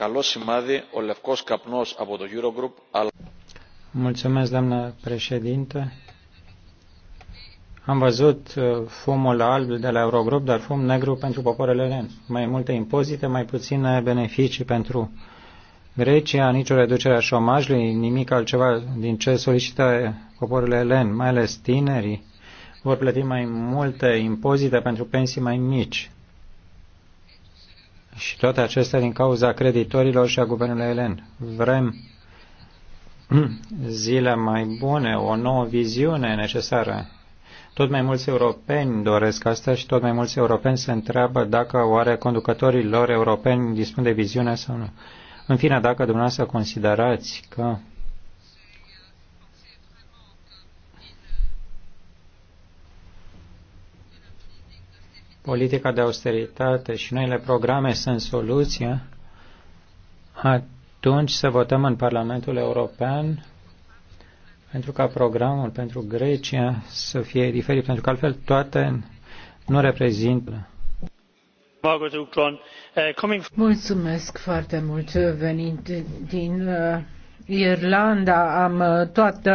Καλό σημάδι, ο λευκός καπνός από το Eurogroup, αλλά... Mulțumesc, doamnă președinte. Am văzut uh, fumul alb de la Eurogrup, dar fum negru pentru poporul elen. Mai multe impozite, mai puține beneficii pentru Grecia, nicio reducere a șomajului, nimic altceva din ce solicită poporul elen, mai ales tinerii, vor plăti mai multe impozite pentru pensii mai mici. Și toate acestea din cauza creditorilor și a guvernului elen. Vrem zile mai bune, o nouă viziune necesară tot mai mulți europeni doresc asta și tot mai mulți europeni se întreabă dacă oare conducătorii lor europeni dispun de viziunea sau nu. În fine, dacă dumneavoastră considerați că politica de austeritate și noile programe sunt soluția, atunci să votăm în Parlamentul European pentru ca programul pentru Grecia să fie diferit, pentru că altfel toate nu reprezintă. Mulțumesc foarte mult venind din Irlanda am uh, toată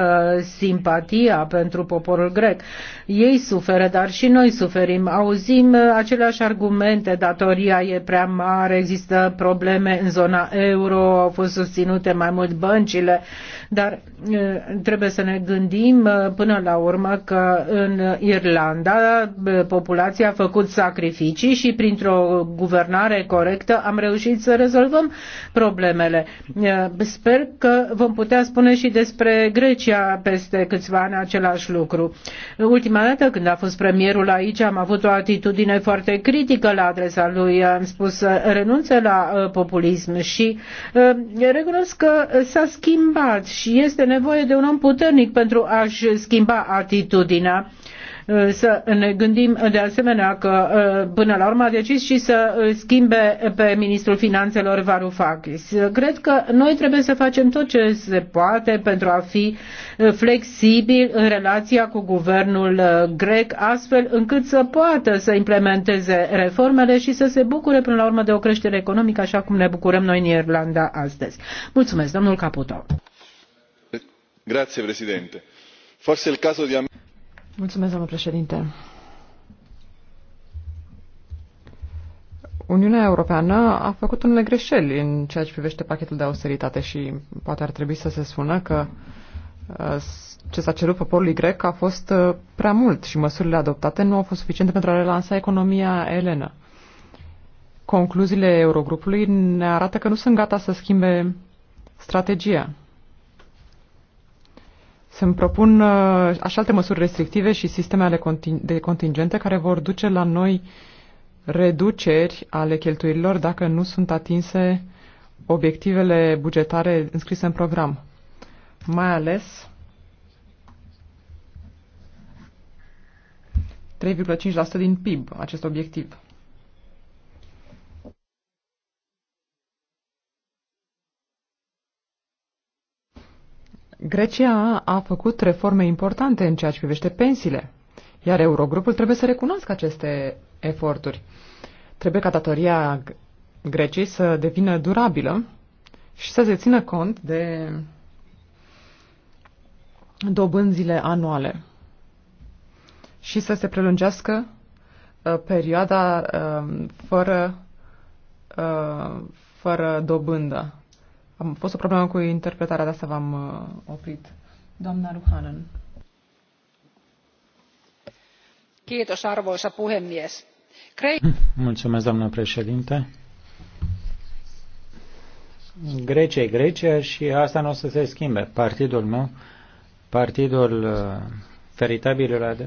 simpatia pentru poporul grec. Ei suferă, dar și noi suferim. Auzim uh, aceleași argumente, datoria e prea mare, există probleme în zona euro, au fost susținute mai mult băncile, dar uh, trebuie să ne gândim până la urmă că în Irlanda populația a făcut sacrificii și printr-o guvernare corectă am reușit să rezolvăm problemele. Sper că vom putea spune și despre Grecia peste câțiva ani același lucru. Ultima dată când a fost premierul aici am avut o atitudine foarte critică la adresa lui, am spus renunțe la uh, populism și uh, recunosc că s-a schimbat și este nevoie de un om puternic pentru a-și schimba atitudinea Eh, să ne gândim de asemenea că eh, până la urmă a decis și să eh, schimbe pe ministrul finanțelor Varoufakis. Cred că noi trebuie să facem tot ce se poate pentru a fi flexibil în relația cu guvernul grec, astfel încât să poată să implementeze reformele și să se bucure până la urmă de o creștere economică, așa cum ne bucurăm noi în Irlanda astăzi. Mulțumesc, domnul Caputo. Grazie, președinte. Forse il caso di Mulțumesc, domnule președinte. Uniunea Europeană a făcut unele greșeli în ceea ce privește pachetul de austeritate și poate ar trebui să se spună că uh, ce s-a cerut poporului grec a fost uh, prea mult și măsurile adoptate nu au fost suficiente pentru a relansa economia elenă. Concluziile Eurogrupului ne arată că nu sunt gata să schimbe strategia să-mi propun uh, așa alte măsuri restrictive și sisteme ale conting- de contingente care vor duce la noi reduceri ale cheltuielilor dacă nu sunt atinse obiectivele bugetare înscrise în program. Mai ales 3,5% din PIB, acest obiectiv. Grecia a făcut reforme importante în ceea ce privește pensiile, iar Eurogrupul trebuie să recunoască aceste eforturi. Trebuie ca datoria Greciei să devină durabilă și să se țină cont de dobânzile anuale și să se prelungească uh, perioada uh, fără, uh, fără dobândă. Am fost o problemă cu interpretarea, dar să v-am uh, oprit. Doamna Ruhanen. Kiitos, arvoisa puhemies. Hm, mulțumesc, doamna președinte. Grecia e Grecia și asta nu o să se schimbe. Partidul meu, partidul uh, veritabililor, uh,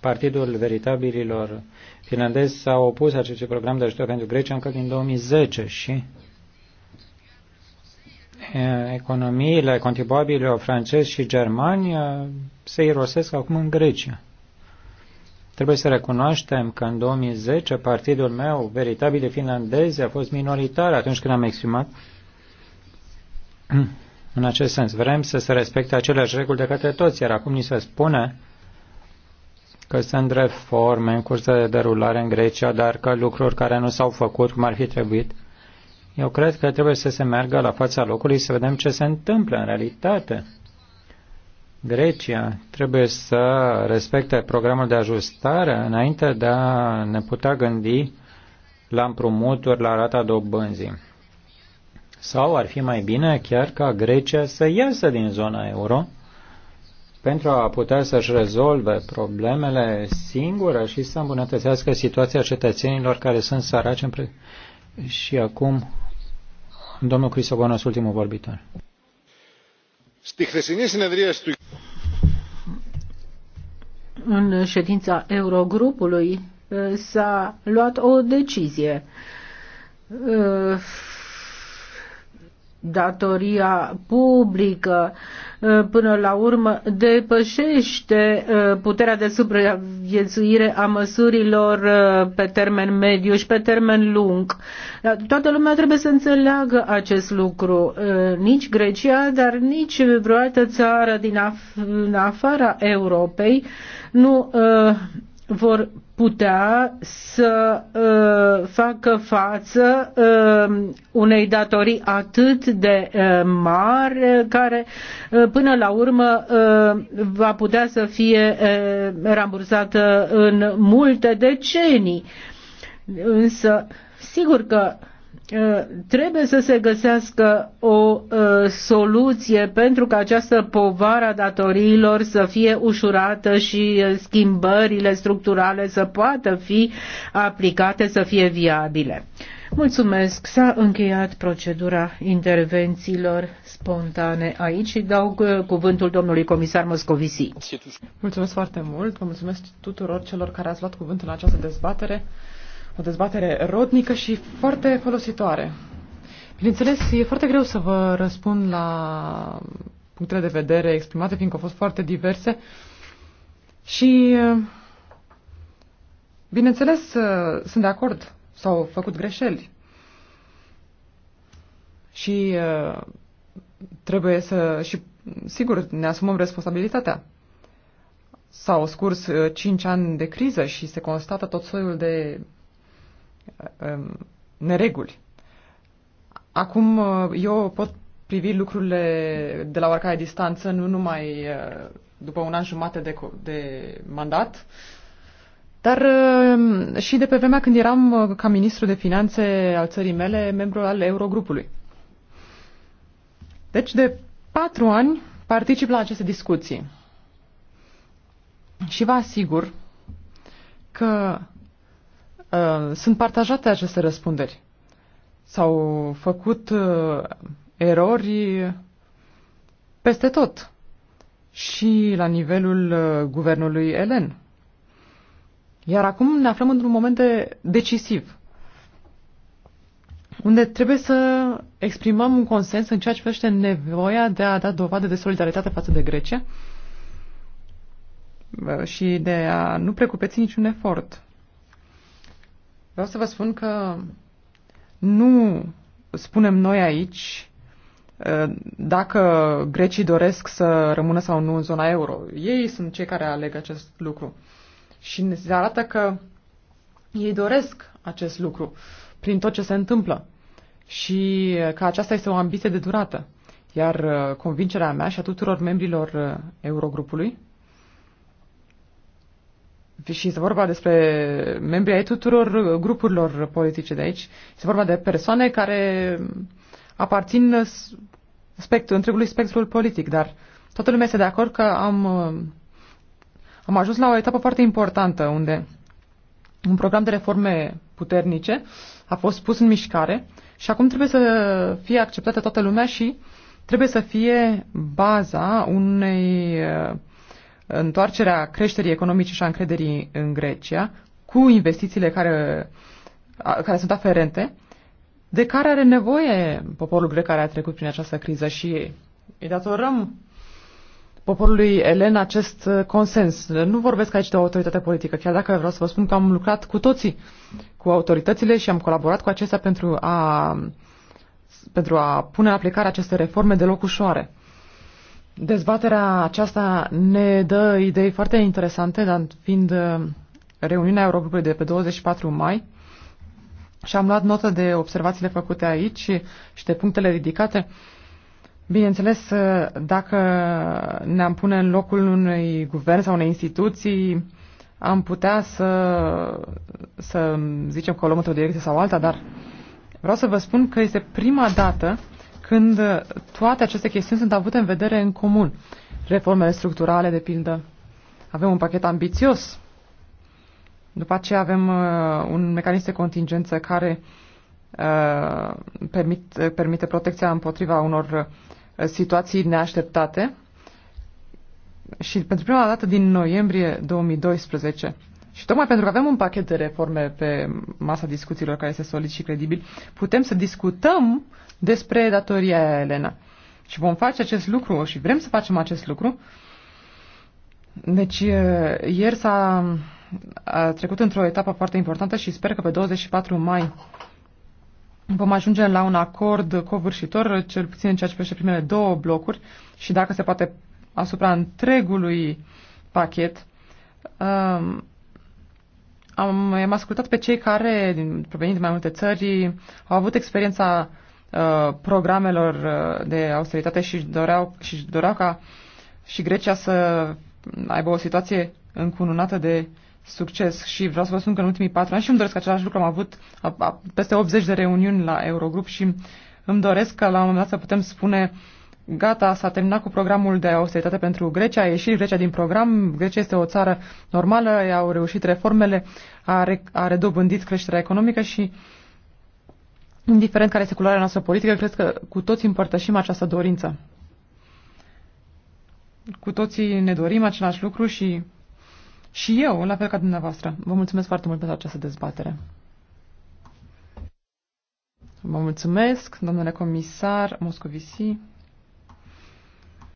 partidul veritabililor finlandez s-a opus acestui program de ajutor pentru Grecia încă din 2010 și Eh, economiile contribuabililor francezi și germani eh, se irosesc acum în Grecia. Trebuie să recunoaștem că în 2010 partidul meu, veritabil de finlandez, a fost minoritar atunci când am exprimat în acest sens. Vrem să se respecte aceleași reguli de către toți, iar acum ni se spune că sunt reforme în curs de derulare în Grecia, dar că lucruri care nu s-au făcut cum ar fi trebuit – eu cred că trebuie să se meargă la fața locului să vedem ce se întâmplă în realitate. Grecia trebuie să respecte programul de ajustare înainte de a ne putea gândi la împrumuturi, la rata dobânzii. Sau ar fi mai bine chiar ca Grecia să iasă din zona euro pentru a putea să-și rezolve problemele singură și să îmbunătățească situația cetățenilor care sunt săraci și acum Domnul Crisogonos, ultimul vorbitor. În ședința Eurogrupului eh, s-a luat o decizie eh, datoria publică uh, până la urmă depășește uh, puterea de supraviețuire a măsurilor uh, pe termen mediu și pe termen lung. Toată lumea trebuie să înțeleagă acest lucru. Nici Grecia, dar nici vreo altă țară din af- în afara Europei nu vor putea să uh, facă față uh, unei datorii atât de uh, mari uh, care uh, până la urmă uh, va putea să fie uh, rambursată în multe decenii. Însă, sigur că uh, Uh, trebuie să se găsească o uh, soluție pentru ca această povară a datoriilor să fie ușurată și uh, schimbările structurale să poată fi aplicate, să fie viabile. Mulțumesc, s-a încheiat procedura intervențiilor spontane aici și dau cuvântul domnului comisar Moscovici. Mulțumesc foarte mult, vă mulțumesc tuturor celor care ați luat cuvântul în această dezbatere o dezbatere rodnică și foarte folositoare. Bineînțeles, e foarte greu să vă răspund la punctele de vedere exprimate, fiindcă au fost foarte diverse. Și, bineînțeles, sunt de acord, s-au făcut greșeli. Și trebuie să, și sigur, ne asumăm responsabilitatea. S-au scurs 5 uh, ani de criză și se constată tot soiul de Um, nereguli. Acum uh, eu pot privi lucrurile de la oricare distanță, nu numai uh, după un an jumate de, de mandat, dar um, și de pe vremea când eram uh, ca ministru de finanțe al țării mele, membru al Eurogrupului. Deci de patru ani particip la aceste discuții și vă asigur că Uh, sunt partajate aceste răspunderi. S-au făcut uh, erori peste tot și la nivelul uh, guvernului Elen. Iar acum ne aflăm într-un moment de decisiv, unde trebuie să exprimăm un consens în ceea ce privește nevoia de a da dovadă de solidaritate față de Grecia uh, și de a nu precupeți niciun efort. Vreau să vă spun că nu spunem noi aici uh, dacă grecii doresc să rămână sau nu în zona euro. Ei sunt cei care aleg acest lucru. Și se arată că ei doresc acest lucru prin tot ce se întâmplă. Și uh, că aceasta este o ambiție de durată. Iar uh, convingerea mea și a tuturor membrilor Eurogrupului și este vorba despre membrii ai tuturor grupurilor politice de aici, este vorba de persoane care aparțin spectru, întregului spectrul politic, dar toată lumea este de acord că am, am ajuns la o etapă foarte importantă unde un program de reforme puternice a fost pus în mișcare și acum trebuie să fie acceptată toată lumea și trebuie să fie baza unei întoarcerea creșterii economice și a încrederii în Grecia, cu investițiile care, care sunt aferente, de care are nevoie poporul grec care a trecut prin această criză și îi datorăm poporului elen acest consens. Nu vorbesc aici de o autoritate politică, chiar dacă vreau să vă spun că am lucrat cu toții, cu autoritățile și am colaborat cu acestea pentru a, pentru a pune în aplicare aceste reforme deloc ușoare. Dezbaterea aceasta ne dă idei foarte interesante, dar fiind uh, reuniunea Europei de pe 24 mai, și am luat notă de observațiile făcute aici și de punctele ridicate. Bineînțeles, uh, dacă ne-am pune în locul unui guvern sau unei instituții, am putea să, să zicem că o luăm într-o direcție sau alta, dar vreau să vă spun că este prima dată când uh, toate aceste chestiuni sunt avute în vedere în comun. Reformele structurale, de pildă. Avem un pachet ambițios. După aceea avem uh, un mecanism de contingență care uh, permit, uh, permite protecția împotriva unor uh, situații neașteptate. Și pentru prima dată din noiembrie 2012 și tocmai pentru că avem un pachet de reforme pe masa discuțiilor care se solid și credibil, putem să discutăm despre datoria Elena. Și vom face acest lucru și vrem să facem acest lucru. Deci, ieri s-a trecut într-o etapă foarte importantă și sper că pe 24 mai vom ajunge la un acord covârșitor, cel puțin în ceea ce privește primele două blocuri și dacă se poate asupra întregului pachet. Um, am, am ascultat pe cei care, din, provenind din mai multe țări, au avut experiența uh, Uh, programelor uh, de austeritate și doreau, și doreau ca și Grecia să aibă o situație încununată de succes și vreau să vă spun că în ultimii patru ani și îmi doresc același lucru. Am avut a, a, peste 80 de reuniuni la Eurogrup și îmi doresc că la un moment dat să putem spune gata, s-a terminat cu programul de austeritate pentru Grecia, a ieșit Grecia din program, Grecia este o țară normală, au reușit reformele, a, re, a redobândit creșterea economică și uh, indiferent care este culoarea noastră politică, cred că cu toți împărtășim această dorință. Cu toții ne dorim același lucru și, și eu, la fel ca dumneavoastră. Vă mulțumesc foarte mult pentru această dezbatere. Vă mulțumesc, domnule comisar Moscovici.